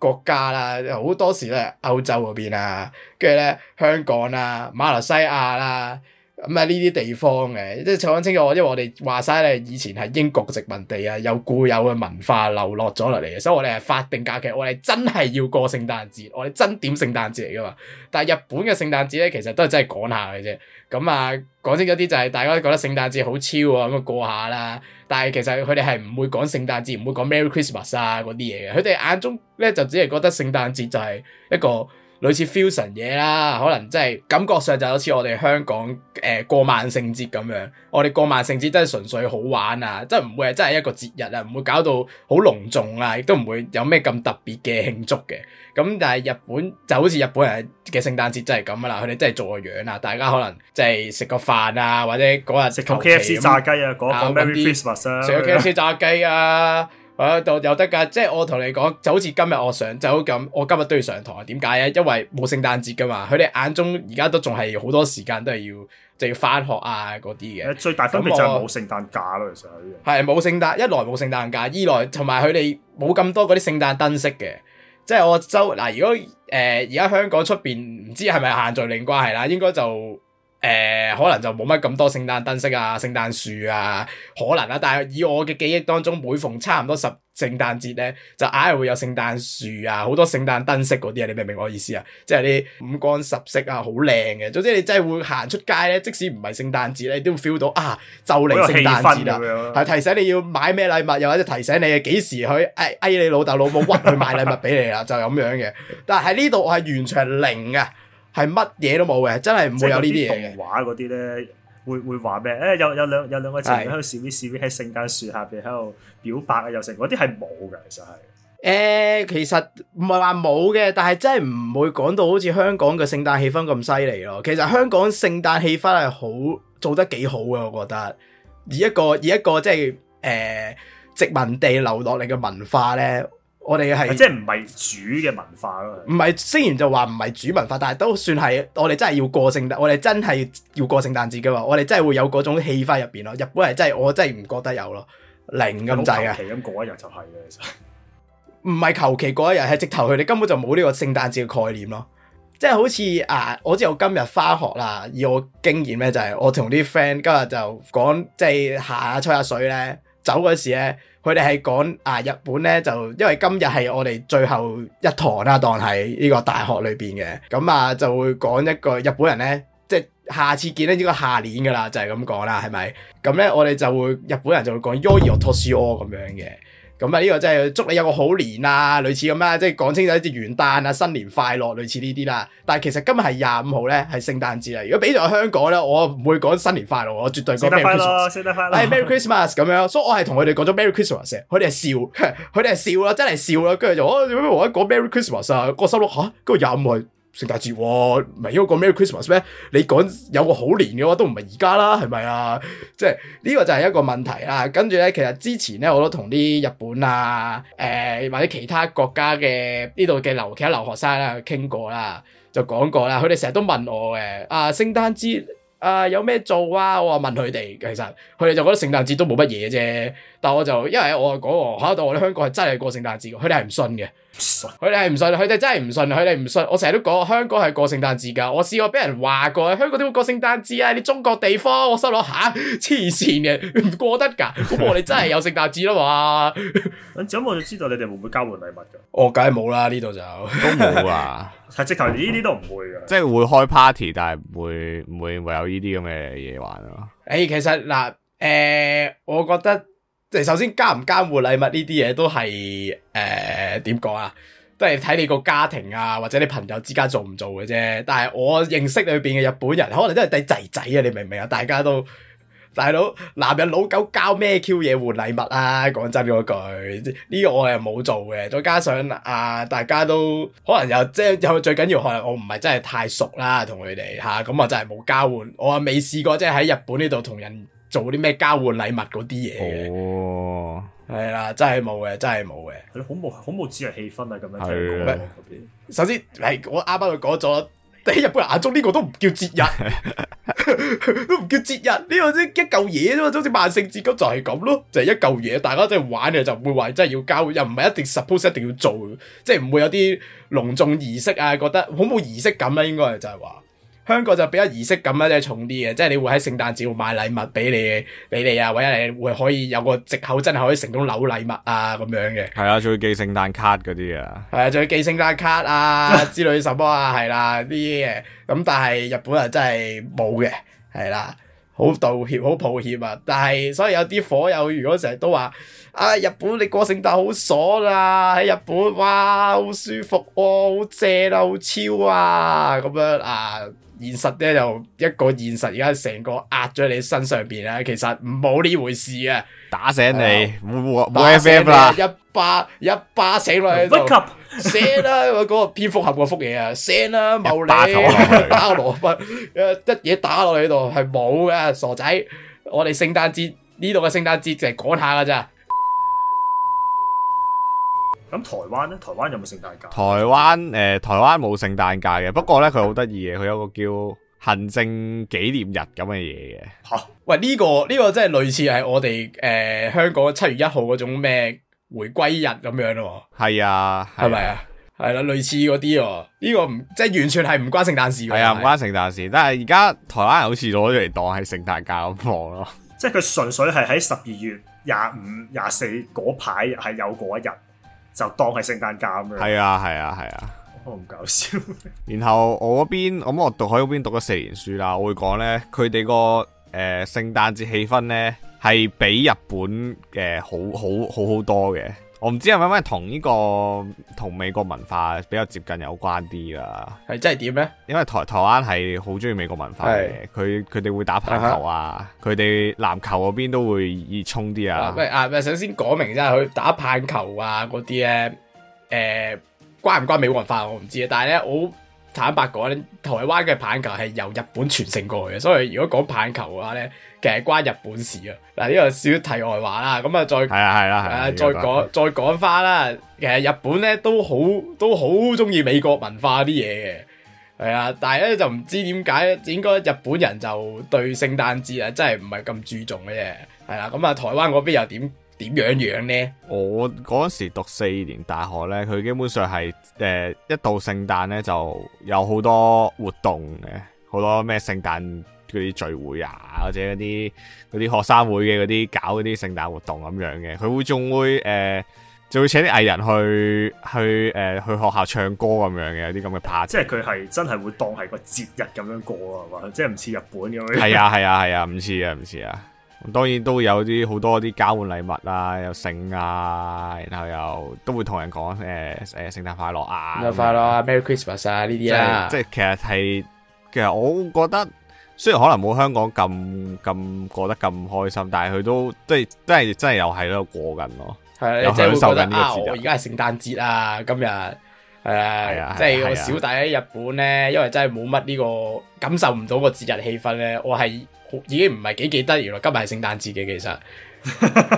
國家啦、啊，好多時都係歐洲嗰邊啦、啊，跟住咧香港啦、啊、馬來西亞啦、啊，咁啊呢啲地方嘅，即係講清楚，因為我哋話晒咧，以前係英國殖民地啊，有固有嘅文化流落咗落嚟嘅，所以我哋係法定假期，我哋真係要過聖誕節，我哋真點聖誕節嚟噶嘛？但係日本嘅聖誕節咧，其實都係真係講下嘅啫。咁啊，講真嗰啲就係大家都覺得聖誕節好超啊咁過下啦，但係其實佢哋係唔會講聖誕節，唔會講 Merry Christmas 啊嗰啲嘢嘅，佢哋眼中咧就只係覺得聖誕節就係一個類似 fusion 嘢啦，可能即係感覺上就好似我哋香港誒過萬聖節咁樣，我哋過萬聖節真係純粹好玩啊，即係唔會係真係一個節日啊，唔會搞到好隆重啊，亦都唔會有咩咁特別嘅慶祝嘅。咁但係日本就好似日本人嘅聖誕節真係咁啊啦，佢哋真係做個樣啊，大家可能即係食個飯啊，或者嗰日食個 KFC 炸雞啊，嗰日 Merry Christmas 啊，食個 KFC 炸雞啊。 誒，又得噶，即係我同你講，就好似今日我上就好咁，我今日都要上堂。點解啊？因為冇聖誕節噶嘛，佢哋眼中而家都仲係好多時間都係要就要返學啊嗰啲嘅。最大分別我就係冇聖誕假咯，其實係。冇聖誕，一來冇聖誕假，二來同埋佢哋冇咁多嗰啲聖誕燈飾嘅。即係我周嗱、啊，如果誒而家香港出邊唔知係咪限聚令關係啦，應該就。誒、呃，可能就冇乜咁多聖誕燈飾啊，聖誕樹啊，可能啦、啊。但係以我嘅記憶當中，每逢差唔多十聖誕節咧，就硬係會有聖誕樹啊，好多聖誕燈飾嗰啲啊。你明唔明我意思啊？即係啲五光十色啊，好靚嘅。總之你真係會行出街咧，即使唔係聖誕節咧，你都會 feel 到啊，就嚟聖誕節啦，係提醒你要買咩禮物，又或者提醒你幾時去誒，嗌你老豆老母屈佢買禮物俾你啦， 就咁樣嘅。但係喺呢度我係完全零嘅。係乜嘢都冇嘅，真係唔會有動呢啲嘢嘅。畫嗰啲咧，會會話咩？誒、欸，有有兩有兩個情侶喺度示 V 示 V 喺聖誕樹下邊喺度表白啊，又成。嗰啲係冇嘅，其實係。誒、呃，其實唔係話冇嘅，但係真係唔會講到好似香港嘅聖誕氣氛咁犀利咯。其實香港聖誕氣氛係好做得幾好嘅，我覺得。而一個以一個即係誒、呃、殖民地流落嚟嘅文化咧。我哋係即係唔係主嘅文化咯，唔係雖然就話唔係主文化，但係都算係我哋真係要過聖誕，我哋真係要過聖誕節嘅話，我哋真係會有嗰種氣氛入邊咯。日本人真係我真係唔覺得有咯，零咁滯嘅。咁 過一日就係啦，其實唔係求其過一日，係直頭去，你根本就冇呢個聖誕節嘅概念咯。即係好似啊，我知道我今日翻學啦，以我經驗咧就係我同啲 friend 今日就講，即係下下吹下水咧。走嗰時咧，佢哋係講啊，日本咧就因為今日係我哋最後一堂啦，當係呢個大學裏邊嘅，咁啊就會講一個日本人咧，即係下次見咧應該下年噶啦，就係咁講啦，係咪？咁咧我哋就會日本人就會講 Yo yo toshio 咁樣嘅。 咁啊！呢個真係祝你有個好年啊，類似咁啦，即係講清楚啲元旦啊、新年快樂類似呢啲啦。但係其實今日係廿五號咧，係聖誕節啦。如果俾咗香港咧，我唔會講新年快樂，我絕對講聖誕快樂。聖誕快樂，係、哎、Merry Christmas 咁樣。所以，我係同佢哋講咗 Merry Christmas 先，佢哋係笑，佢哋係笑啦，真係笑啦。跟住就，我做咩同我講 Merry Christmas 啊？個心諗嚇，今日廿五號。聖誕節喎，唔、哦、係因為過 Merry Christmas 咩？你講有個好年嘅話，都唔係而家啦，係咪啊？即係呢個就係、是、一個問題啦。跟住咧，其實之前咧，我都同啲日本啊，誒、呃、或者其他國家嘅呢度嘅留其他留學生啦傾過啦，就講過啦。佢哋成日都問我嘅啊，聖誕節啊有咩做啊？我話問佢哋，其實佢哋就覺得聖誕節都冇乜嘢啫。但我就因為我講、啊、我喺到我哋香港係真係過聖誕節，佢哋係唔信嘅。佢哋係唔信，佢哋真係唔信，佢哋唔信。我成日都講，香港係過聖誕節噶。我試過俾人話過，香港點會過聖誕節啊？你中國地方，我心諗下，黐線嘅，過得噶。咁我哋真係有聖誕節啦嘛。咁我就知道你哋會唔會交換禮物噶。我梗係冇啦，呢度就都冇啦，啊。 係直頭呢啲都唔會噶，即 係楽、就是、會開 party，但係唔會唔會有呢啲咁嘅嘢玩啊？誒，其實嗱，誒、呃，我覺得。即係首先，交唔交換禮物呢啲嘢都係誒，點講啊？都係睇你個家庭啊，或者你朋友之間做唔做嘅啫。但係我認識裏邊嘅日本人，可能都係第仔仔啊！你明唔明啊？大家都大佬，男人老狗交咩 Q 嘢換禮物啊？講真嗰句，呢個我又冇做嘅。再加上啊，大家都可能又即係有最緊要，可能我唔係真係太熟啦，同佢哋吓，咁、啊、我真係冇交換。我啊未試過即係喺日本呢度同人做啲咩交換禮物嗰啲嘢嘅，係啦、oh.，真係冇嘅，真係冇嘅。好冇，好 冇樂，節日氣氛啊，咁樣聽講嗰啲。的首先，係我啱啱又講咗，喺日本人眼中呢個都唔叫節日， 都唔叫節日，呢個一嚿嘢啫嘛，好似萬聖節咁就係咁咯，就係一嚿嘢，大家真係玩嘅，就唔會話真係要交又唔係一定 suppose 一定要做，即係唔會有啲隆重儀式啊，覺得好冇儀式感啦、啊，應該就係話。香港就比較儀式感啊，即係重啲嘅，即係你會喺聖誕節會買禮物俾你俾你啊，或者你會可以有個藉口，真係可以成功扭禮物啊咁樣嘅。係啊，仲要寄聖誕卡嗰啲 啊。係啊，仲要寄聖誕卡啊之類什麼啊，係啦啲嘢。咁但係日本人真啊真係冇嘅，係啦，好道歉，好抱歉啊。但係所以有啲火友如果成日都話啊，日本你過聖誕好爽啦、啊，喺日本哇好舒服喎，好正啦，好超啊咁樣啊。現實咧就一個現實，而家成個壓咗你身上邊啊！其實冇呢回事啊！打醒你，冇冇冇 F.M. 啦！一巴一巴醒落嚟，不及醒啦！嗰、嗰個蝙蝠俠嗰幅嘢啊，醒啦！冇你 打落，打落羅拔一嘢打落嚟度係冇嘅，傻仔！我哋聖誕節呢度嘅聖誕節淨係講下噶咋～咁台灣咧，台灣有冇聖誕假？台灣誒、呃，台灣冇聖誕假嘅。不過咧，佢好得意嘅，佢有個叫行政紀念日咁嘅嘢嘅。嚇！喂，呢、呢個呢、呢個真係類似係我哋誒、呃、香港七月一號嗰種咩回歸日咁樣咯。係啊，係咪啊？係啦、啊，啊、類似嗰啲喎。呢、呢個唔即係完全係唔關聖誕事。係啊，唔嗎關聖誕事。但係而家台灣人好似攞咗嚟當係聖誕假咁講咯。即係佢純粹係喺十二月廿五、廿四嗰排係有嗰一日。就當係聖誕假咁樣。係啊，係啊，係啊，好唔搞笑。然後我嗰邊，咁我讀喺嗰邊讀咗四年書啦，我會講咧，佢哋個誒聖誕節氣氛咧，係比日本嘅、呃、好好好好多嘅。我唔知係咪因為同呢個同美國文化比較接近有關啲啦，係真係點咧？呢因為台台灣係好中意美國文化嘅，佢佢哋會打棒球啊，佢哋籃球嗰邊都會熱衷啲啊。喂、啊，啊？首先講明啫，佢打棒球啊嗰啲咧，誒、呃，關唔關美國文化我唔知啊。但係咧，我坦白講，台灣嘅棒球係由日本傳承過去嘅，所以如果講棒球嘅話咧。其實關日本事啊，嗱，呢個少題外話啦，咁啊再係啊係啦，啊 再講 再講翻啦，其實日本咧都好都好中意美國文化啲嘢嘅，係啊，但係咧就唔知點解，應該日本人就對聖誕節啊真係唔係咁注重嘅，啫。係啦，咁啊台灣嗰邊又點點樣樣咧？我嗰時讀四年大學咧，佢基本上係誒、呃、一到聖誕咧就有好多活動嘅，好多咩聖誕。嗰啲聚會啊，或者嗰啲啲學生會嘅嗰啲搞嗰啲聖誕活動咁樣嘅，佢會仲會誒，仲、呃、會請啲藝人去去誒、呃、去學校唱歌咁樣嘅有啲咁嘅 part。即係佢係真係會當係個節日咁樣過啊嘛，即係唔似日本咁樣。係啊係啊係啊，唔似啊唔似啊,啊,啊,啊,啊,啊。當然都有啲好多啲交換禮物啊，有聖啊，然後又都會同人講誒誒聖誕快樂啊,啊,啊，聖誕快樂啊，Merry Christmas 啊呢啲啊。即係其實係其實我覺得。雖然可能冇香港咁咁過得咁開心，但係佢都即係即係真係又喺度過緊咯，又享受緊呢個節日。我而家係聖誕節啊，今日誒，即係我小弟喺日本咧，因為真係冇乜呢個感受唔到個節日氣氛咧，我係已經唔係幾記得，原來今日係聖誕節嘅，其實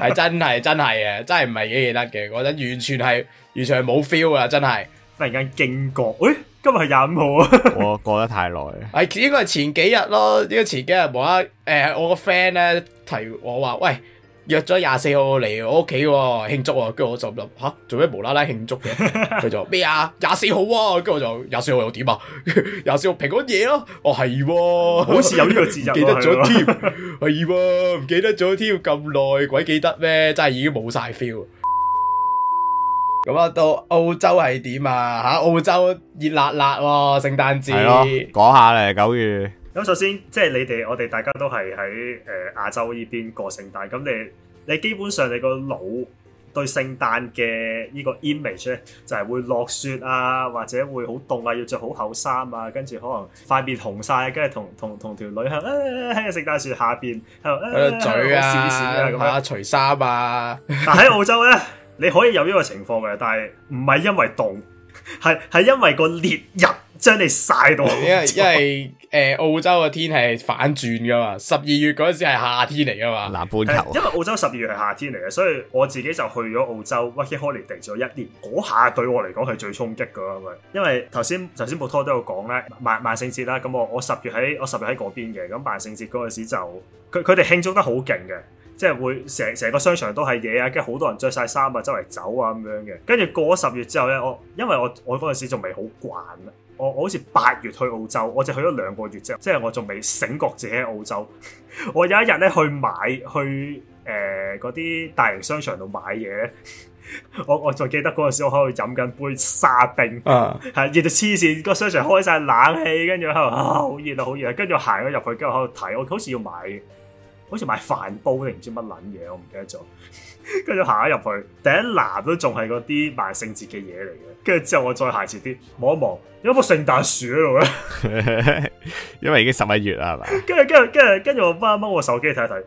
係真係真係嘅，真係唔係幾記得嘅，嗰陣完全係完全係冇 feel 啊，真係突然間驚覺，誒。今日係廿五號啊！ 我過得太耐，哎，係應該係前幾日咯，因為前幾日冇啦，誒、呃，我個 friend 咧，提我話，喂，約咗廿四號嚟我屋企慶祝啊。跟住我就諗，吓，做咩無啦啦慶祝嘅？佢就咩啊？廿四號啊！跟住我就廿四號又點啊？廿四號平安夜咯，哦係，好似有呢個字記得咗添，係，唔記得咗添，咁耐鬼記得咩？真係已經冇晒 feel。咁啊，到澳洲係點啊？吓，澳洲熱辣辣喎！聖誕節，講下咧九月。咁首先，即係你哋，我哋大家都係喺誒亞洲呢邊過聖誕。咁你，你基本上你個腦對聖誕嘅呢個 image 咧，就係會落雪啊，或者會好凍啊，要着好厚衫啊，跟住可能塊面紅晒，跟住同同同條女喺聖誕樹下邊，嘴啊，除衫啊。但喺澳洲咧。你可以有呢個情況嘅，但係唔係因為凍，係係因為個烈日將你晒到因為。因為誒、呃、澳洲嘅天係反轉噶嘛，十二月嗰時係夏天嚟噶嘛，南半球。因為澳洲十二月係夏天嚟嘅，所以我自己就去咗澳洲 working Holiday 咗一年。嗰下對我嚟講係最衝擊噶，因為頭先頭先鋪拖都有講咧，萬萬聖節啦，咁我我十月喺我十月喺嗰邊嘅，咁萬聖節嗰陣時就佢佢哋慶祝得好勁嘅。即係會成成個商場都係嘢啊，跟住好多人着晒衫啊，周圍走啊咁樣嘅。跟住過咗十月之後咧，我因為我我嗰陣時仲未好慣，我我好似八月去澳洲，我就去咗兩個月之後，即係我仲未醒覺自己喺澳洲。 我有一日咧去買去誒嗰啲大型商場度買嘢， 我我仲記得嗰陣時我喺度飲緊杯沙冰、uh.，啊，係熱到黐線，個商場開晒冷氣，跟住喺度啊好熱啊好熱啊，跟住行咗入去跟住喺度睇，我好似要買好似買飯煲定唔知乜撚嘢，我唔記得咗。跟住行入去，第一欄都仲係嗰啲萬聖節嘅嘢嚟嘅。跟住之後我再行前啲，望一望，有棵聖誕樹喺度咧。 因為已經十 一摸看看月啦，係嘛？跟住跟住跟住跟住，我翻掹我手機睇一睇，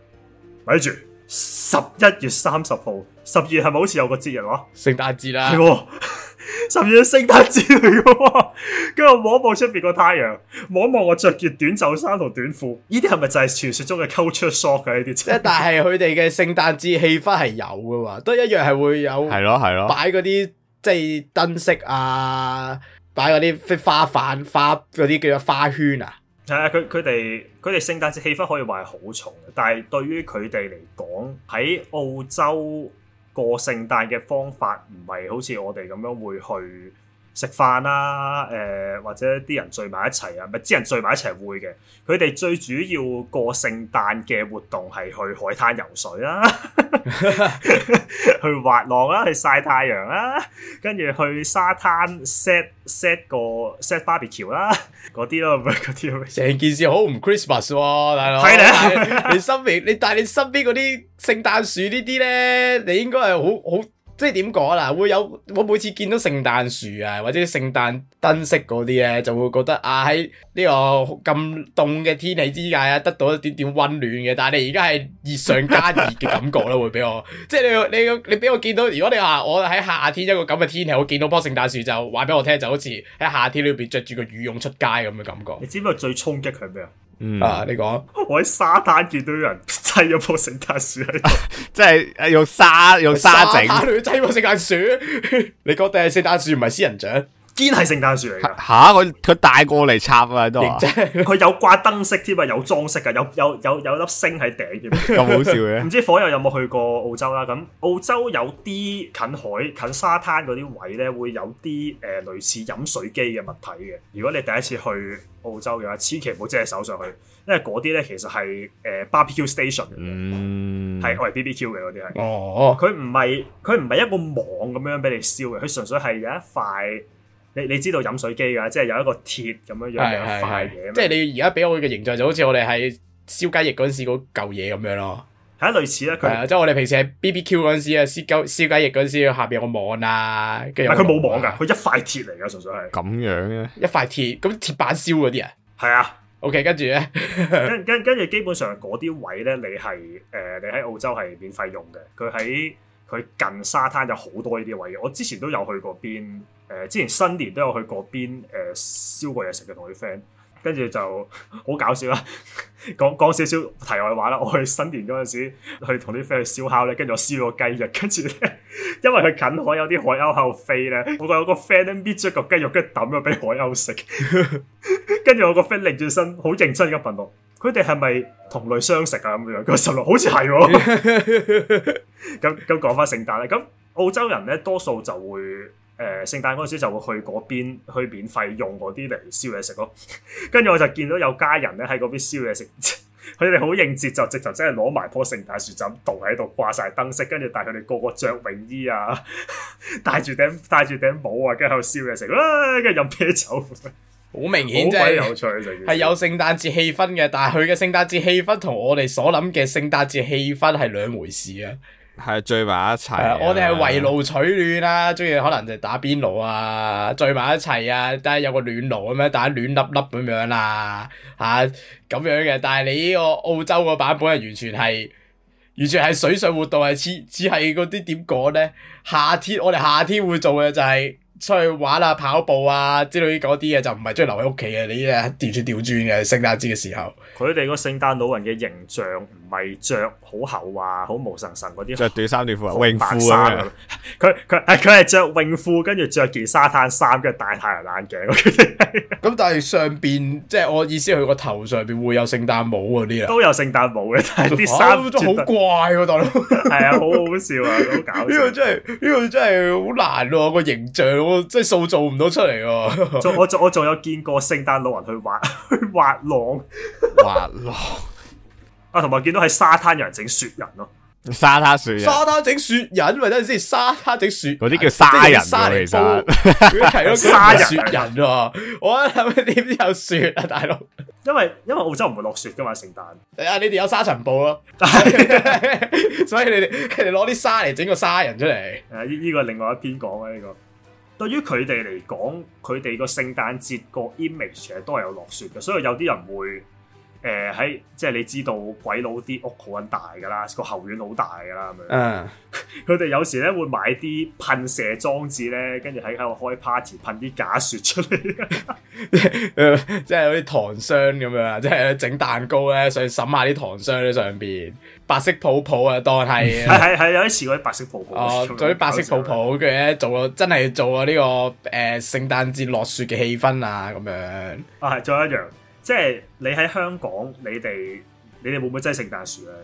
咪住十一月三十號，十二月係咪好似有個節日喎？聖誕節啦。甚至聖誕之嚟嘅，跟住望一望出邊個太陽，望一望我着件短袖衫同短褲，呢啲係咪就係傳説中嘅 Couch s 溝出縮嘅呢啲？即但係佢哋嘅聖誕節氣氛係有嘅喎，都一樣係會有，係咯係咯，擺嗰啲即係燈飾啊，擺嗰啲花瓣花嗰啲叫做花圈啊。係啊，佢佢哋佢哋聖誕節氣氛可以話係好重，但係對於佢哋嚟講喺澳洲，過聖誕嘅方法唔係好似我哋咁樣會去。食飯啦，誒、呃、或者啲人聚埋一齊啊，咪啲人聚埋一齊會嘅。佢哋最主要過聖誕嘅活動係去海灘游水啦， 去滑浪啦，去曬太陽啦，跟住去沙灘 set set 個 set barbecue 啦，嗰啲咯，唔係嗰啲，成件事好唔 Christmas 喎、啊，大佬。係啦的，你身邊你帶 你身邊嗰啲聖誕樹呢啲咧，你應該係好好。 即係點講啦？會有我每次見到聖誕樹啊，或者聖誕燈飾嗰啲咧，就會覺得啊，喺呢個咁凍嘅天氣之下啊，得到一啲啲溫暖嘅。但係你而家係熱上加熱嘅感覺咧， 會俾我即係你你你俾我見到。如果你話我喺夏天一個咁嘅天氣，我見到棵聖誕樹就話俾我聽，就好似喺夏天裏邊着住個羽絨出街咁嘅感覺。你知唔知最衝擊係咩啊？嗯、啊，你講，我喺沙灘見到有人砌咗棵聖誕樹喺度，即係用沙用沙整，用沙嚟砌棵聖誕樹， 你覺得係聖誕樹唔係仙人掌？堅係聖誕樹嚟嘅，嚇，佢佢帶過嚟插啊喺度，佢 有掛燈飾添啊，有裝飾啊，有有有有粒星喺頂，咁好笑嘅。唔知火友有冇去過澳洲啦？咁澳洲有啲近海近沙灘嗰啲位咧，會有啲誒類似飲水機嘅物體嘅。如果你第一次去澳洲嘅話，千祈唔好借手上去，因為嗰啲咧其實係誒、呃、barbecue station 嘅，係我 bbq 嘅嗰啲係。哦，哦，佢唔係佢唔係一個網咁樣俾你燒嘅，佢純粹係有一塊。你你知道飲水機㗎，即係有一個鐵咁樣樣塊嘢。即係你而家俾我嘅形象就好似我哋喺燒雞翼嗰陣時嗰嚿嘢咁樣咯。嚇，類似咧。係啊，即係我哋平時喺 BBQ 嗰陣時啊，燒燒雞翼嗰陣時，下邊有個網啊。但係佢冇網㗎、啊，佢一塊鐵嚟㗎，純粹係。咁樣嘅、啊，一塊鐵？咁鐵板燒嗰啲啊？係啊、okay。OK， 跟住咧，跟跟跟住基本上嗰啲位咧，你係誒、呃、你喺澳洲係免費用嘅。佢喺佢近沙灘有好多呢啲位，我之前都有去過邊。誒之前新年都有去嗰邊誒燒過嘢食嘅，同啲 friend，跟住就好搞笑啦！講講少少題外話啦，我去新年嗰陣時去同啲 friend 去燒烤咧，跟住我燒個雞肉，跟住咧因為佢近海有啲海鷗喺度飛咧，我有個有個 friend 搣咗個雞肉 跟住抌咗俾海鷗食，跟住我個 friend 擰轉身好認真咁問我：佢哋係咪同類相食啊？咁樣佢話：十六好似係喎。咁咁講翻聖誕啦，咁澳洲人咧多數就會。誒、呃、聖誕嗰陣時就會去嗰邊去免費用嗰啲嚟燒嘢食咯，跟 住我就見到有家人咧喺嗰邊燒嘢食，佢哋好應節就直頭真係攞埋棵聖誕樹就棟喺度，掛晒燈飾，跟住但係佢哋個個着泳衣啊，戴住頂戴住頂帽啊，跟住喺度燒嘢食啦，跟住飲啤酒，好 明顯即、就、係、是、有趣，係有聖誕節氣氛嘅，但係佢嘅聖誕節氣氛同我哋所諗嘅聖誕節氣氛係兩回事啊。係聚埋一齊，啊啊，我哋係圍爐取暖啦，啊，中意可能就打邊爐啊，聚埋一齊啊，但係有個暖爐咁樣，大家暖粒粒咁樣啦，啊，吓，啊，咁樣嘅。但係你呢個澳洲個版本係完全係，完全係水上活動，係似似係嗰啲點講咧？夏天我哋夏天會做嘅就係出去玩啊，跑步啊、之類嗰啲嘢，就唔係中意留喺屋企嘅。你呢啲係調轉調轉嘅，聖誕節嘅時候。佢哋個聖誕老人嘅形象。咪着好厚啊，好毛神神嗰啲，着短衫短褲啊， 泳褲衫。佢佢係佢係着泳褲，跟住着件沙灘衫，跟住戴太陽眼鏡。咁但係上邊，即係我意思，佢個頭上邊會有聖誕帽嗰啲啊，都有聖誕帽嘅，但係啲衫都好怪，大佬係啊，好好笑啊，好搞笑。呢 個真係呢個真係好難咯啊，個形象我真係塑造唔到出嚟啊。 我我我仲有見過聖誕老人去滑去滑浪滑浪。 同埋見到喺沙灘有人整雪人咯，啊，沙灘雪人，沙灘整雪人或者先沙灘整雪，嗰啲叫沙人嚟，沙嚟布，係咯 沙人雪人喎， 我諗點知有雪啊，大佬？因為因為澳洲唔會落雪㗎嘛，聖誕啊，你哋有沙塵暴咯，所以你哋攞啲沙嚟整個沙人出嚟。誒、 啊，依、這、依個另外一篇講啊，呢、這個對於佢哋嚟講，佢哋個聖誕節個 image 都係有落雪嘅，所以有啲人會。誒喺、呃、即係你知道鬼佬啲屋好撚大㗎喇，個後院好大㗎喇咁樣。嗯、啊，佢哋 有時咧會買啲噴射裝置咧，跟住喺喺度開 party 噴啲假雪出嚟、 嗯。即係嗰啲糖霜咁樣，即係整蛋糕咧，上糝下啲糖霜喺上邊，白色泡泡啊，當係。係係係有啲試過啲白色泡泡。哦，啲白色泡泡嘅，做真係做過呢個誒聖誕節落雪嘅氣氛啊，咁、這個這個呃啊、樣啊啊。啊，仲有一樣。啊啊 啊即係你喺香港，你哋你哋會唔會擠聖誕樹啊？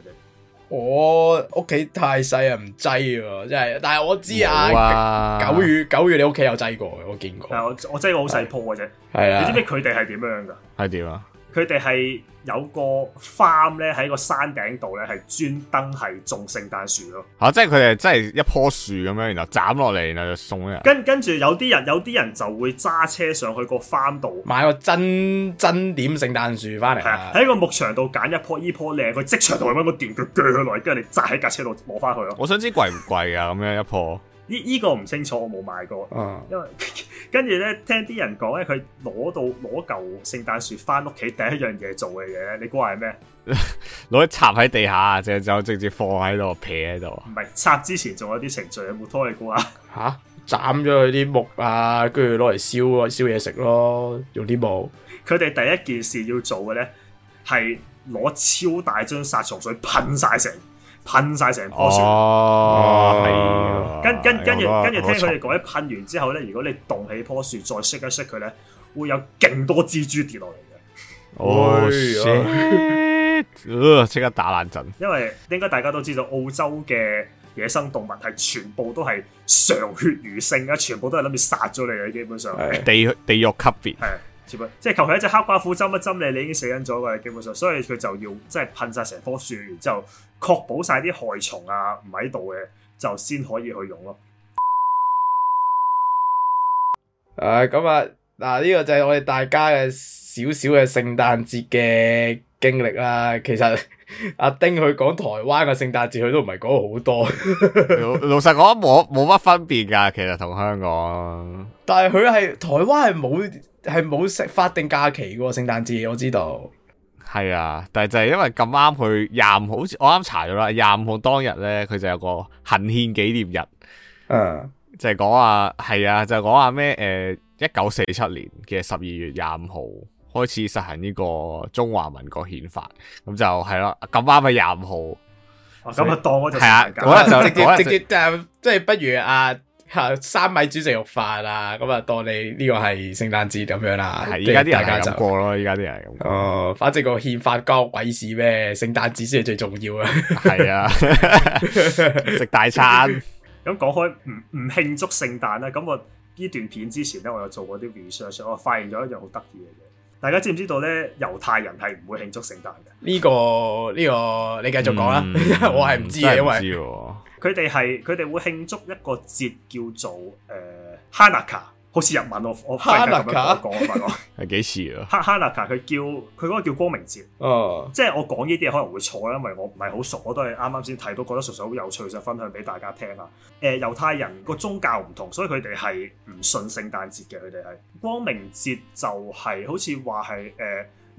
我屋企太細啊，唔擠啊！即係，但係我知啊。九月九月，你屋企有擠過？我見過。但我我擠過好細棵嘅啫。係啊。你知唔知佢哋係點樣噶？係點啊？佢哋係有個 farm 咧，喺個山頂度咧，係專登係種聖誕樹咯。嚇、啊！即係佢哋真係一棵樹咁樣，然後斬落嚟，然後送俾人。跟跟住有啲人，有啲人就會揸車上去個 farm 度買個真真點聖誕樹翻嚟。喺個木場度揀一棵依樖靚，佢即場同佢揾個電鋸鋸落嚟，跟住你揸喺架車度攞翻佢咯。我想知貴唔貴啊？咁 樣一棵。依依個唔清楚，我冇買過。啊，因為跟住咧，聽啲人講咧，佢攞到攞嚿聖誕樹翻屋企第一樣嘢做嘅嘢，你估係咩？攞嚟 插喺地下，就就直接放喺度，撇喺度。唔係，插之前仲有啲程序，有冇拖你估下？嚇、啊！斬咗佢啲木啊，跟住攞嚟燒啊，燒嘢食咯，用啲木。佢哋第一件事要做嘅咧，係攞超大樽殺蟲水噴晒成。噴晒成棵樹，係，跟跟跟住跟住聽佢哋講一噴完之後咧，如果你動起棵樹再 shake 一 shake 佢咧，會有勁多蜘蛛跌落嚟嘅。哦即、oh, shit. 刻打冷震。因為應該大家都知道，澳洲嘅野生動物係全部都係常血如性啊，全部都係諗住殺咗你嘅，基本上的 地地獄級別。即係求其一隻黑寡婦針一針你，你已經死緊咗嘅，基本上，所以佢就要即係噴晒成棵樹，然之後確保晒啲害蟲啊唔喺度嘅，就先可以去用咯。誒、呃，咁啊，嗱呢個就係我哋大家嘅少少嘅聖誕節嘅經歷啦。其實。阿丁佢講台灣嘅聖誕節佢都唔係講好多， 老老實講冇冇乜分別噶，其實同香港。但係佢係台灣係冇係冇法定假期嘅聖誕節，我知道。係啊，但係就係因為咁啱佢廿五號，我啱查咗啦，廿五號當日咧佢就有個行憲紀念日，嗯，就係講啊係啊，就係講啊咩誒一九四七年嘅十二月廿五號。開始實行呢個中華民國憲法，咁就係咯，咁啱嘅廿五號，咁就當我哋係啊直接就直接就即係不如啊三米煮食肉飯啊，咁啊當你呢個係聖誕節咁樣啦，係而家啲人咁過咯，而家啲人過哦，反正個憲法關我鬼事咩？聖誕節先係最重要 是啊，係啊，食大餐。咁 講開唔唔慶祝聖誕咧、啊，咁我呢段片之前咧，我有做過啲 research，我發現咗一樣好得意嘅嘢。大家知唔知道咧？猶太人係唔會慶祝聖誕嘅。呢、這個呢、這個，你繼續講啦，嗯、 我係唔知嘅，知因為佢哋係佢哋會慶祝一個節叫做誒 Hanukkah 好似日文我我費事咁樣講，我發覺係幾時啊？哈勒 哈納卡佢叫佢嗰個叫光明節，oh. 即係我講呢啲嘢可能會錯啦，因為我唔係好熟，我都係啱啱先睇到，覺得實在好有趣，就分享俾大家聽啦。誒、呃，猶太人個宗教唔同，所以佢哋係唔信聖誕節嘅，佢哋係光明節就係、是、好似話係誒，唔、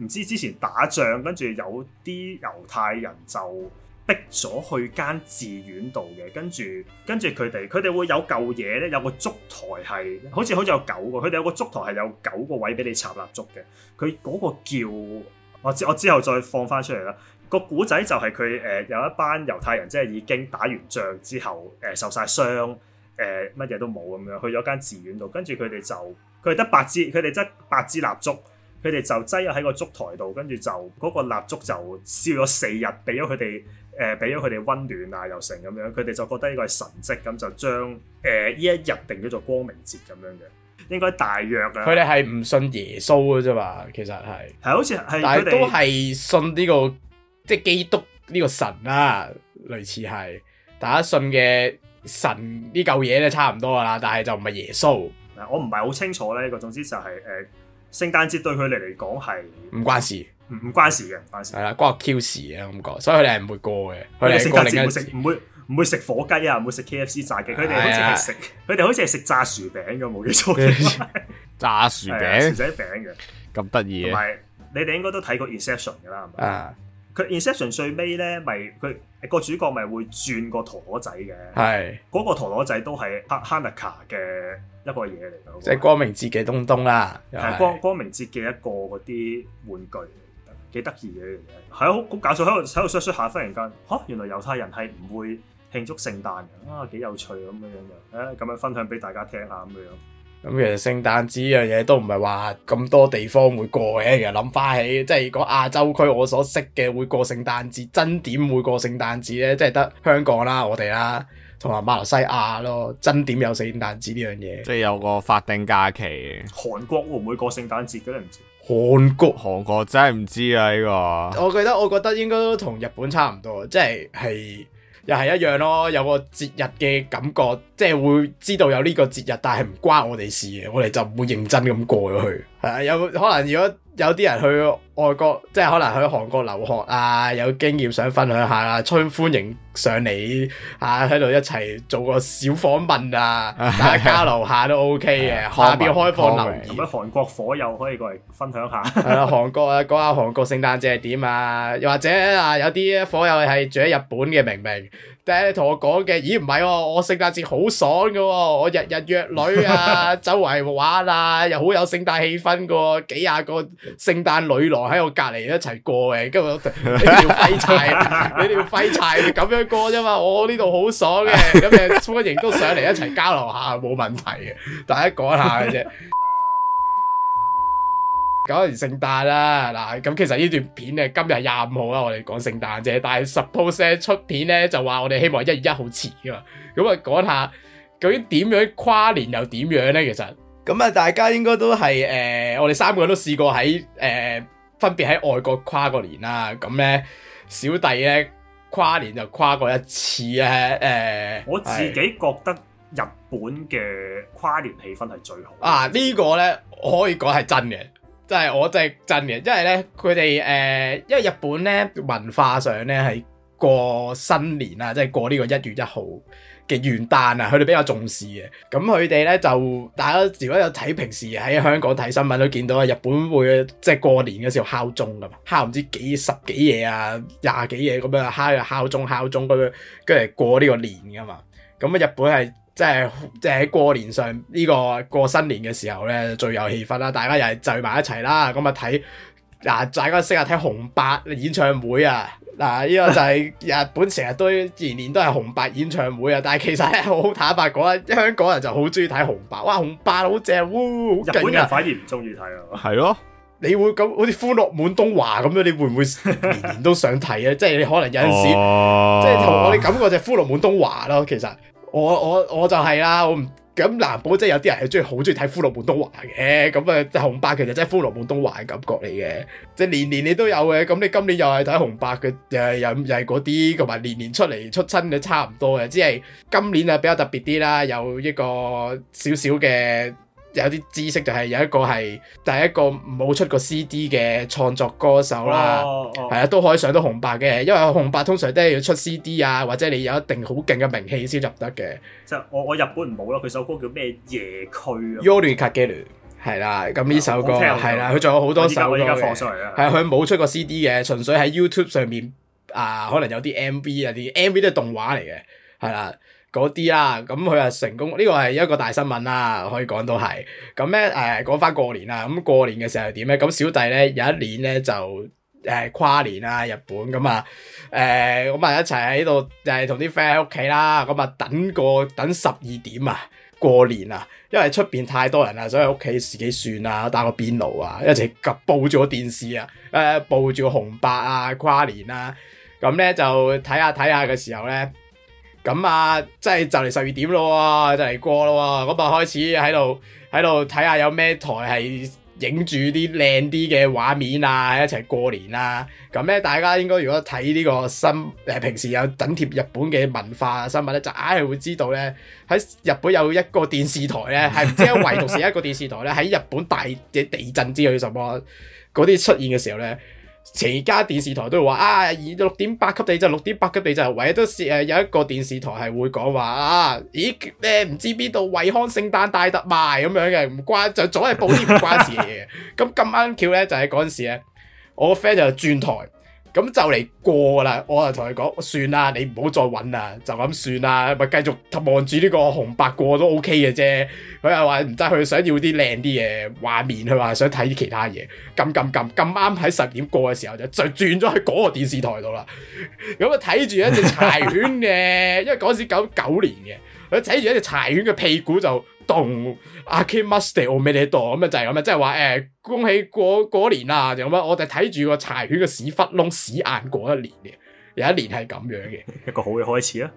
呃、知之前打仗，跟住有啲猶太人就。逼咗去間寺院度嘅，跟住跟住佢哋，佢哋會有舊嘢咧，有個燭台係好似好似有九個，佢哋有個燭台係有九個位俾你插蠟燭嘅。佢嗰個叫我之我之後再放翻出嚟啦。個古仔就係佢誒有一班猶太人，即係已經打完仗之後誒、呃、受晒傷誒乜嘢都冇咁樣去咗間寺院度，跟住佢哋就佢哋得八支，佢哋得八支蠟燭，佢哋就擠咗喺個燭台度，跟住就嗰、嗰個蠟燭就燒咗四日，俾咗佢哋。誒俾咗佢哋溫暖啊，又成咁樣，佢哋就覺得呢個係神蹟，咁就將誒呢一日定叫做光明節咁樣嘅，應該大約啊。佢哋係唔信耶穌嘅啫嘛，其實係係好似係，但係佢哋都係信呢、呢個即係基督呢個神啦、啊，類似係大家信嘅神呢嚿嘢咧差唔多噶啦，但係就唔係耶穌。嗯、我唔係好清楚咧，呢個總之就係、是、誒、呃、聖誕節對佢哋嚟講係唔關事。唔唔關事嘅，唔關事係啦，關我 Q 事嘅咁講，所以佢哋係唔會過嘅。佢哋食唔會食唔會唔會食火雞啊，唔會食 KFC 炸雞。佢哋好似係食，佢哋好似係食炸薯餅嘅，冇記錯。炸薯餅薯仔餅嘅咁得意。唔係你哋應該都睇過 Inception 嘅啦，係咪啊？佢 Inception 最尾咧，咪佢個主角咪會轉個陀螺仔嘅，係嗰個陀螺仔都係拍 Hanukkah 嘅一個嘢嚟嘅。即係光明節嘅東東啦，係光光明節嘅一個嗰啲玩具。幾得意嘅，係好咁假，就喺度喺度 search 下，忽然間嚇、啊，原來猶太人係唔會慶祝聖誕嘅，啊幾有趣咁嘅樣樣，誒咁樣分享俾大家聽下咁嘅樣。咁其實聖誕節呢樣嘢都唔係話咁多地方會過嘅，其實諗翻起，即係如果亞洲區我所識嘅會過聖誕節，真點會過聖誕節咧？即係得香港啦，我哋啦，同埋馬來西亞咯，真點有聖誕節呢樣嘢？即係有個法定假期。韓國會唔會過聖誕節嘅咧？韓國、韓國真係唔知啊！呢個，我覺得我覺得應該都同日本差唔多，即係係又係一樣咯，有個節日嘅感覺，即係會知道有呢個節日，但係唔關我哋事嘅，我哋就唔會認真咁過咗去，係啊，有可能如果。有啲人去外國，即係可能去韓國留學啊，有經驗想分享下，啊。春歡迎上嚟啊，喺度一齊做個小訪問啊，大家交流下都 OK 嘅，下邊 開放留言，咁 韓國火友可以過嚟分享下，韓國啊，講下韓國聖誕節係點啊，又或者啊，有啲火友係住喺日本嘅，明明？爹，你同我講嘅，咦，唔係我聖誕節好爽嘅，我日日、哦、約女啊，周圍玩啊，又好有聖誕氣氛嘅、哦，幾廿個聖誕女郎喺我隔籬一齊過嘅，咁我你要廢柴，你哋要廢柴咁樣過啫嘛，我呢度好爽嘅，咁嘅歡迎都上嚟一齊交流下冇問題嘅，大家講下嘅啫。講完聖誕啦，嗱咁、啊、其實段呢段片咧今日係廿五號啊，我哋講聖誕啫。但係 suppose 出片咧就話我哋希望1月1一月一號遲噶嘛，咁啊講下究竟點樣跨年又點樣咧？其實咁啊，大家應該都係誒、呃，我哋三個人都試過喺誒、呃、分別喺外國跨過年啦。咁咧小弟咧跨年就跨過一次咧。誒、呃，我自己覺得日本嘅跨年氣氛係最好啊。這個、呢個咧可以講係真嘅。真係我真係震嘅，因為咧佢哋誒，因為日本咧文化上咧係過新年啊，即係過呢個一月一號嘅元旦啊，佢哋比較重視嘅。咁佢哋咧就大家如果有睇平時喺香港睇新聞都見到啊，日本會即係過年嘅時候敲鐘噶嘛，敲唔知幾十幾嘢啊，廿幾嘢咁樣敲啊，敲鐘，敲鐘，跟住跟住過呢個年噶嘛。咁啊日本係。即係即係喺過年上呢，這個過新年嘅時候咧，最有氣氛啦！大家又係聚埋一齊啦，咁啊睇嗱，大家識下睇紅白演唱會啊嗱，呢，啊這個就係日本成日都 年年都係紅白演唱會啊！但係其實咧，好好坦白講啦，香港人就好中意睇紅白，哇紅白好正，哦，好勁啊！日本人反而唔中意睇啊，係咯，你會咁好似《歡樂滿東華》咁樣，你會唔會年年都想睇啊？ 即係你可能有陣時， 即係同我哋感覺就《歡樂滿東華》咯，其實。我我我就係啦，我唔咁南寶即係有啲人係中意好中意睇《歡樂滿東華》嘅，咁啊即係紅白其實真係《歡樂滿東華》嘅感覺嚟嘅，即係年年你都有嘅，咁你今年又係睇紅白嘅，又又又係嗰啲，同埋年年出嚟出親嘅差唔多嘅，即係今年啊比較特別啲啦，有一個少少嘅。有啲知識就係有一個係第一個冇出過 CD 嘅創作歌手啦、啊，係啊、oh, oh, oh.，都可以上到紅白嘅，因為紅白通常都係要出 CD 啊，或者你有一定好勁嘅名氣先入得嘅。即係我我日本人冇咯，佢首歌叫咩夜區啊 Yoru ni Kakeru 係啦，咁呢首歌係啦，佢仲、yeah, okay, okay, okay. 有好多首歌我，我而家放上嚟啦，係佢冇出過 CD 嘅，純粹喺 YouTube 上面啊，可能有啲 MV 啊，啲 MV 都係動畫嚟嘅，係啦。嗰啲啦，咁佢又成功，呢、這個係一個大新聞啦、啊，可以講到係。咁咧誒，講、呃、翻過年啦，咁過年嘅時候點咧？咁小弟咧有一年咧就誒、呃跨，嗯呃嗯呃啊呃啊、跨年啊，日本咁啊誒，咁啊一齊喺度就誒同啲 friend 喺屋企啦，咁啊等個等十二點啊過年啊，因為出邊太多人啦，所以屋企自己算啊打個邊爐啊，一齊夾播住個電視啊，誒播住個紅白啊跨年啊，咁咧就睇下睇下嘅時候咧。咁啊，即係就嚟十二點咯，就嚟過咯喎，咁啊開始喺度喺度睇下有咩台係影住啲靚啲嘅畫面啊，一齊過年啊！咁咧，大家應該如果睇呢個新誒平時有緊貼日本嘅文化新聞咧，就唉會知道咧，喺日本有一個電視台咧，係唔知一唯獨是一個電視台咧，喺 日本大嘅地震之類什麼嗰啲出現嘅時候咧。而家電視台都會話啊，而六點八級地震、六點八級地震，唯一都係誒有一個電視台係會講話啊，咦誒唔、呃、知邊度惠康聖誕大特賣咁樣嘅，唔關就總係報啲唔關事嘅嘢。咁 咁啱巧咧就係嗰陣時咧，我個 friend 就轉台。咁就嚟過啦，我就同佢講，算啦，你唔好再揾啦，就咁算啦，咪繼續望住呢個紅白過都 OK 嘅啫。佢又話唔得，佢想要啲靚啲嘅畫面，佢話想睇其他嘢。撳撳撳，咁啱喺十點過嘅時候就就轉咗去嗰個電視台度啦。咁啊睇住一隻柴犬嘅， 因為嗰時九九年嘅，佢睇住一隻柴犬嘅屁股就。凍あけましておめでとう凍咁啊就係咁啊即係話誒恭喜過過年啦、啊、就咁、是、啊我哋睇住個柴犬嘅屎忽窿屎眼過一年嘅有一年係咁樣嘅一個好嘅開始啦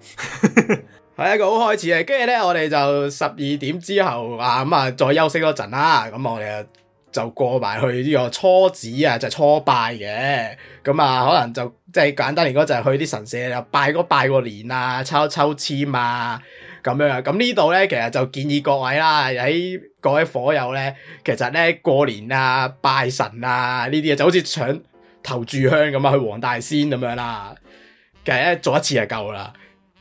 係一個好開始嘅跟住咧我哋就十二點之後啊咁啊、嗯、再休息多陣啦咁我哋就過埋去呢個初子啊就是、初拜嘅咁啊可能就即係簡單嚟講就是、去啲神社又拜個拜個年秋秋啊抽抽簽啊咁樣啊！咁呢度咧，其實就建議各位啦，喺各位火友咧，其實咧過年啊、拜神啊呢啲嘢，就好似搶頭炷香咁啊，去黃大仙咁樣啦。其實做一次就夠啦，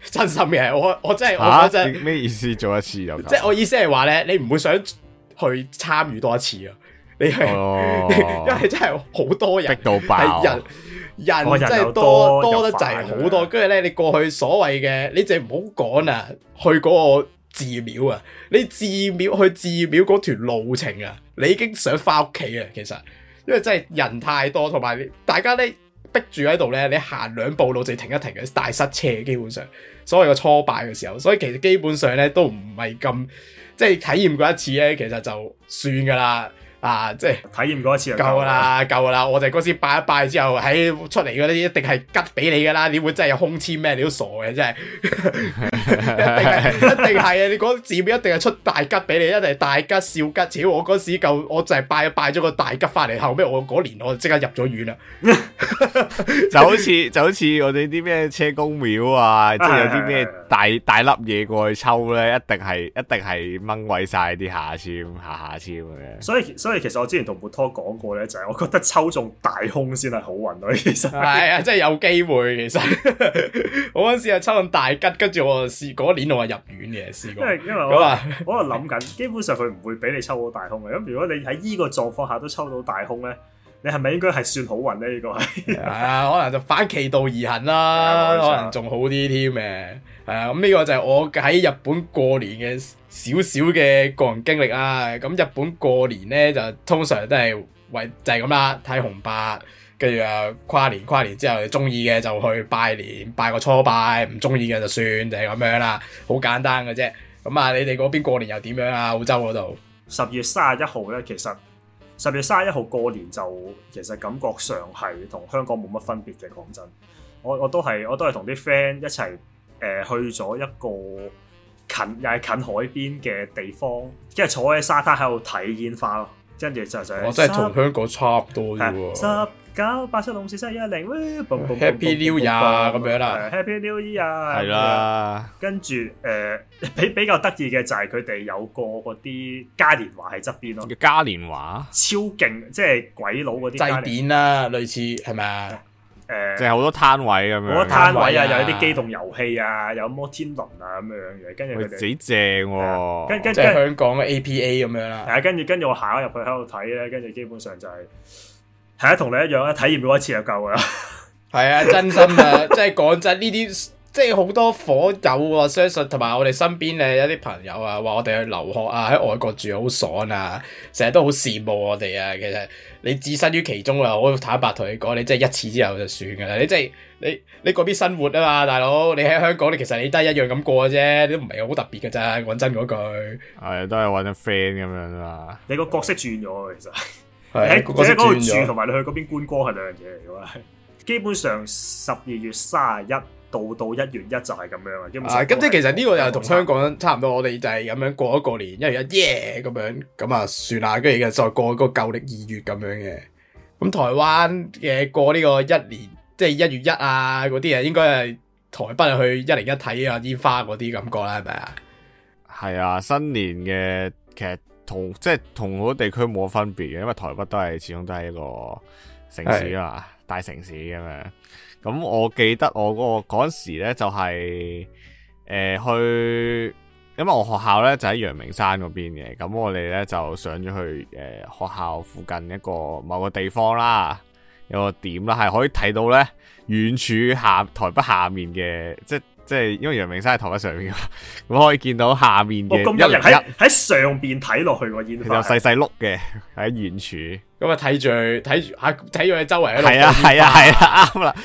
真心嘅，我我真係、啊、我真咩意思？做一次就即係 我意思係話咧，你唔會想去參與多一次啊？你係、哦、 因為真係好多人逼到爆人。人真係多多得滯，好多。跟住咧，你過去所謂嘅， 你淨係唔好講啊。去嗰個寺廟啊，你寺廟去寺廟嗰段路程啊，你已經想翻屋企啊。其實，因為真係人太多，同埋大家咧逼住喺度咧，你行兩步路就停一停嘅，大塞車基本上。所謂個初拜嘅時候，所以其實基本上咧都唔係咁，即係體驗過一次咧，其實就算噶啦。啊！即係體驗過一次就夠啦，夠啦！我哋嗰時拜一拜之後喺、哎、出嚟嗰啲一定係吉俾你噶啦，你會真係有空籤咩？你都傻嘅真係 一定係 一定係啊！你嗰次一定係出大吉俾你，一定係大吉少吉。超我嗰時夠，我就係拜一拜咗個大吉翻嚟，後尾我嗰年我即刻入咗院啦 。就好似就好似我哋啲咩車公廟啊，即係有啲咩。哎大大粒嘢過去抽咧，一定係一定係掹位晒啲下簽下下簽嘅。所以所以其實我之前同木拖講過咧，就係、是、我覺得抽中大凶先係好運咯。其實係啊，真係有機會。其實 我嗰陣時係抽中大吉，跟住我試嗰年我話入院嘅試過。因為因為我這樣 我話諗緊， 基本上佢唔會俾你抽到大凶嘅。咁如果你喺依個狀況下都抽到大凶咧，你係咪應該係算好運咧？依個係啊，可能就反其道而行啦，啊、可能仲好啲添嘅。係咁，呢個就係我喺日本過年嘅少少嘅個人經歷啊。咁啊，日本過年呢，就通常都係為就係咁啦，睇紅白，跟住啊，跨年，跨年之後中意嘅就去拜年，拜個初拜，唔中意嘅就算，就係咁樣啦，好簡單嘅啫。咁啊，你哋嗰邊過年又點樣啊？澳洲嗰度？十月三十一號？呢，其實十月三十一號過年就其實感覺上係同香港冇乜分別嘅。講真，我我都係我都係同啲 friend 一齊。誒去咗一個近又係近海邊嘅地方，跟住坐喺沙灘喺度睇煙花咯，跟住就就我真係同香港差唔多啫十九八七六四七一零，happy new year 咁樣啦，happy new year 係啦。跟住誒比比較得意嘅就係佢哋有個嗰啲嘉年華喺側邊咯。叫嘉年華超勁，即係鬼佬嗰啲祭典啦，類似係咪啊？誒，嗯、就係好多攤位咁樣，好多攤位啊，又一啲機動遊戲啊，有摩、啊啊、天輪啊咁樣嘅、啊啊，跟住佢幾正，跟跟住香港嘅 APA 咁樣啦，係啊，跟住跟住我行入去喺度睇咧，跟住基本上就係、是、係啊，同你一樣啊，體驗過一次就夠噶啦，係 啊，真心啊，即係講真呢啲。 即係好多火友啊，相信同埋我哋身邊嘅一啲朋友啊，話我哋去留學啊，喺外國住好、啊、爽啊，成日都好羨慕我哋啊。其實你置身於其中啊，我坦白同你講，你真係一次之後就算噶啦。你即係你你嗰邊生活啊嘛，大佬，你喺香港，你其實你都係一樣咁過啫，你都唔係好特別噶咋。講真嗰句，係都係揾 friend 咁樣啊。樣你個角色轉咗，其實係 角色轉咗，喺嗰度住，同埋你去嗰邊觀光係兩樣嘢嚟噶。 基本上十二月卅一。到到一月一就係咁樣啊，咁、嗯、即係其實呢個又係同香港差唔多，我哋就係咁樣過一過年一月一，yeah!，耶咁樣，咁啊算啦，跟住而家再過嗰舊曆二月咁樣嘅。咁、嗯、台灣嘅過呢個一年，即係一月一啊嗰啲啊，應該係台北去一零一睇啊煙花嗰啲感覺啦，係咪啊？係啊，新年嘅其實同即係同好多地區冇分別嘅，因為台北都係始終都係一個城市啊，的大城市咁樣。咁我記得我嗰個嗰時咧就係誒去，因為我學校咧就喺陽明山嗰邊嘅，咁我哋咧就上咗去誒學校附近一個某個地方啦，有個點啦，係可以睇到咧遠處下台北下面嘅，即即係因為陽明山喺台北上面嘅嘛，咁可以見到下面嘅有人喺上邊睇落去個煙花就細細碌嘅喺遠處，咁啊睇住睇住喺睇住佢周圍係啊係啊係啊啱啦。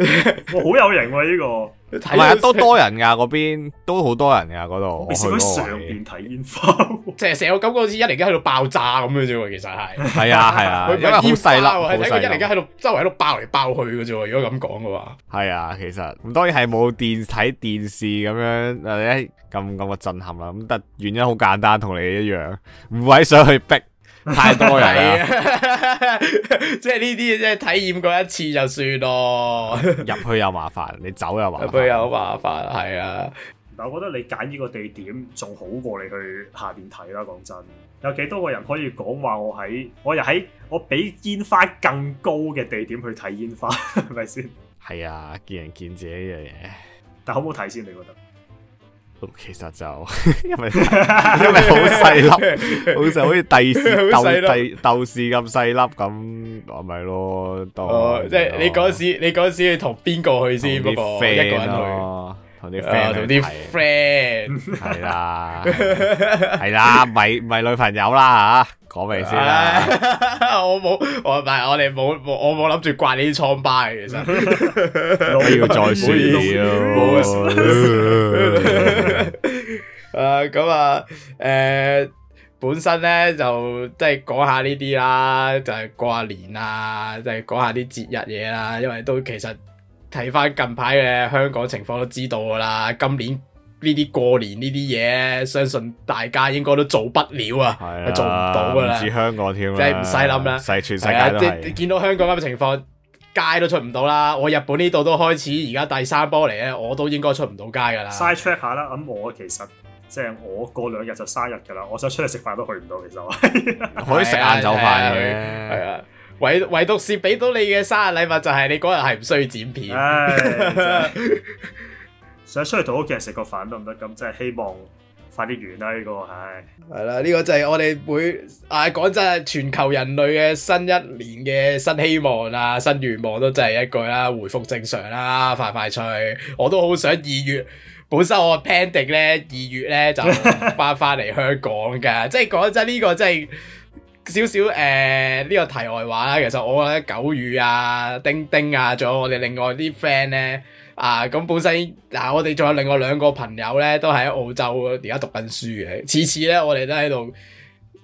這個、好有型喎呢個，唔係啊，都多人噶嗰邊，都好多人噶嗰度。你上邊睇煙花，成成 個感覺好似一零一喺度爆炸咁嘅啫喎，其實係。係啊係啊，啊因為好細粒，係一零一喺度周圍喺度爆嚟爆去嘅啫喎。如果咁講嘅話，係啊，其實唔當然係冇電睇電視咁樣誒咁咁嘅震撼啦。咁但原因好簡單，同你一樣，唔係想去逼。太多人啦，啊，即係呢啲，即係體驗過一次就算咯。入去又麻煩，你走又麻煩，入去又好麻煩，係啊。但我覺得你揀呢個地點仲好過你去下邊睇啦。講真，有幾多個人可以講話，我喺我又喺我比煙花更高嘅地點去睇煙花，係咪先？係啊，見仁見智呢樣嘢。但好唔好睇先？你覺得？其實就因為 因為好細粒，好似好似豆豆豆豉咁細粒咁，係咪咯？當是是、哦、即係你嗰時，、啊、時，你嗰時你同邊個去先？不過一，、啊、一個人去。啊同啲 friend，同啲 friend，係啦，係啦，咪咪了 女朋友啦吓，講、啊、咪先啦 我冇，我唔係我哋冇，我冇諗住掛呢啲瘡疤嘅，其實。都 要再說嘢咯。誒，咁啊，誒、呃，本身咧就即係講下呢啲啦，就係、是、過下年啊，即係講下啲節日嘢啦，因為都其實。睇翻近排嘅香港情況都知道噶啦，今年呢啲過年呢啲嘢，相信大家應該都做不了啊，做唔到噶啦。唔似香港添，即係唔使諗啦。全世界都係啊，你、啊、見，見到香港咁嘅情況，街都出唔到啦。我日本呢度都開始而家第三波嚟咧，我都應該出唔到街噶啦。Side track 下啦，咁我其實即係、就是、我過兩日就生日噶啦，我想出嚟食飯都去唔到，其實我。 可以食晏晝飯佢。啊。唯唯獨是俾到你嘅生日禮物就係你嗰日係唔需要剪片唉， 想出去同屋企人食個飯都唔得，咁即係希望快啲完啦呢個，唉，係啦，呢、這個就係我哋每唉講、啊、真，全球人類嘅新一年嘅新希望啦、啊，新願望、啊新願望啊、都真係一句啦，回復正常啦、啊，快快脆，我都好想二月本身我嘅 plan 定咧二月咧就翻翻嚟香港噶， 即係講真呢、這個真係。少少誒呢個題外話啦，其實我覺得狗宇啊、丁丁啊，仲有我哋另外啲 friend 咧啊，咁、呃、本身嗱、呃、我哋仲有另外兩個朋友咧，都喺澳洲而家讀緊書嘅，次次咧我哋都喺度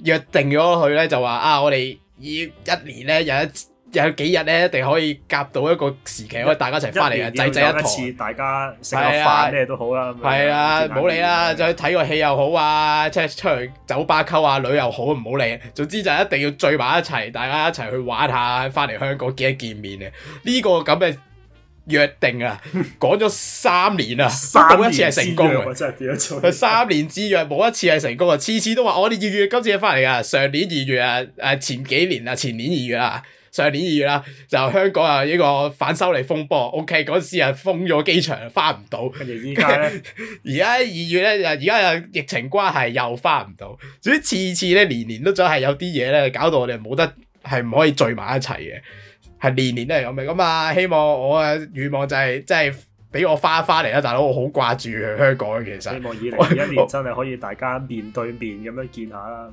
約定咗佢咧，就話啊，我哋要一年咧有一。有幾日咧，一定可以夾到一個時期，可以大家一齊翻嚟啊！仔仔一次，大家食個飯咩都好啦。係啊，唔好理啦，就睇個戲又好啊，出去酒吧溝啊女又好，唔好理。總之就一定要聚埋一齊，大家一齊去玩下，翻嚟香港記得見面嘅呢個咁嘅約定啊！講咗三年啦，冇一次係成功嘅。真係點樣做？三年之約冇一次係成功啊！次次都話我哋二月今次係翻嚟噶，上年二月啊，誒前幾年啊，前年二月啊。上年二月啦，就香港啊呢個反修例風波，OK 嗰時啊封咗機場，翻唔到。跟住依家咧，而家二月咧，又而家又疫情關係又翻唔到，所以次次咧年年都總係有啲嘢咧，搞到我哋冇得係唔可以聚埋一齊嘅，係年年都係咁嘅。咁、嗯、啊，希望我嘅願望就係、是，即係俾我翻一翻嚟啦，大佬，我好掛住去香港。其實希望二零二一年真係可以大家面對面咁樣見下啦。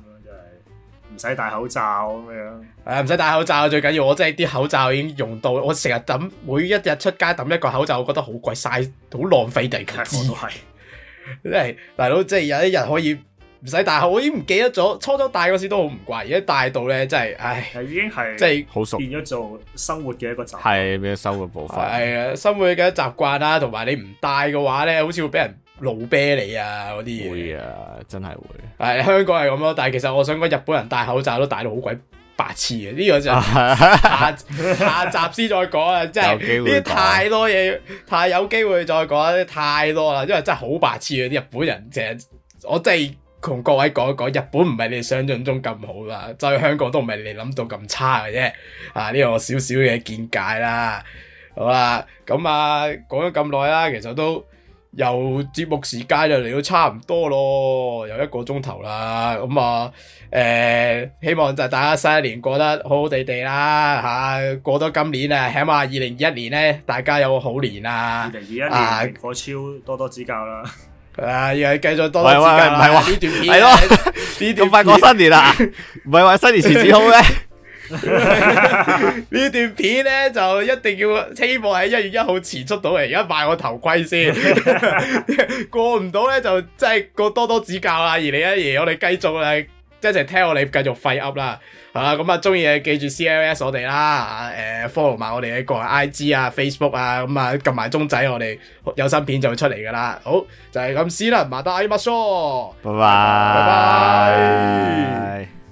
唔使戴口罩咁樣，係唔使戴口罩最緊要。我真係啲口罩已經用到，我成日抌，每一日出街抌一個口罩，我覺得好鬼嘥，好浪費資源。我都係， 即係大佬，即係有一日可以唔使戴口罩。口我已經唔記得咗，初初戴嗰時都好唔慣，而家戴到咧真係，唉，已經係即係好熟，變咗做生活嘅一個習慣。係咩生活部分。係啊、哎，生活嘅習慣啦，同埋你唔戴嘅話咧，好似會畀人。老啤你啊嗰啲嘢會啊真係會係、哎、香港係咁咯，但係其實我想講日本人戴口罩都戴到好鬼白痴嘅呢個就下 下集先再講啊，真係呢啲太多嘢太有機會再講啲太多啦，因為真係好白痴啊啲日本人其實我真係同各位講一講，日本唔係你想象中咁好啦，在、就係、香港都唔係你諗到咁差嘅啫啊呢個我少少嘅見解啦，好啦咁啊講咗咁耐啦，其實都。由節目時間就嚟到差唔多咯，又一個鐘頭啦。咁啊，誒、呃，希望就係大家新一年過得好好地地啦，嚇、啊、過多今年啊，起碼二零二一年咧，大家有個好年，年啊！二零二一年，營火超多多指教啦！啊，要係繼續多多指教啦，唔係話呢段，係咯、啊， 段片 快過新年啦？唔係話新年前至好咩？ 呢 段片咧就一定要希望喺一月一號前出到嚟，而家賣我頭盔先， 過唔到咧就真係過多多指教啦。而你阿爺，我哋繼續啊，一齊聽我哋繼續廢噏啦。啊，咁啊，中意記住 C L S 我哋啦，誒、呃、 ，follow 埋我哋嘅個人 I G 啊、Facebook 啊，咁啊撳埋鐘仔，我哋有新片就會出嚟噶啦。好，就係咁先啦，馬德阿媽少，拜拜，拜拜。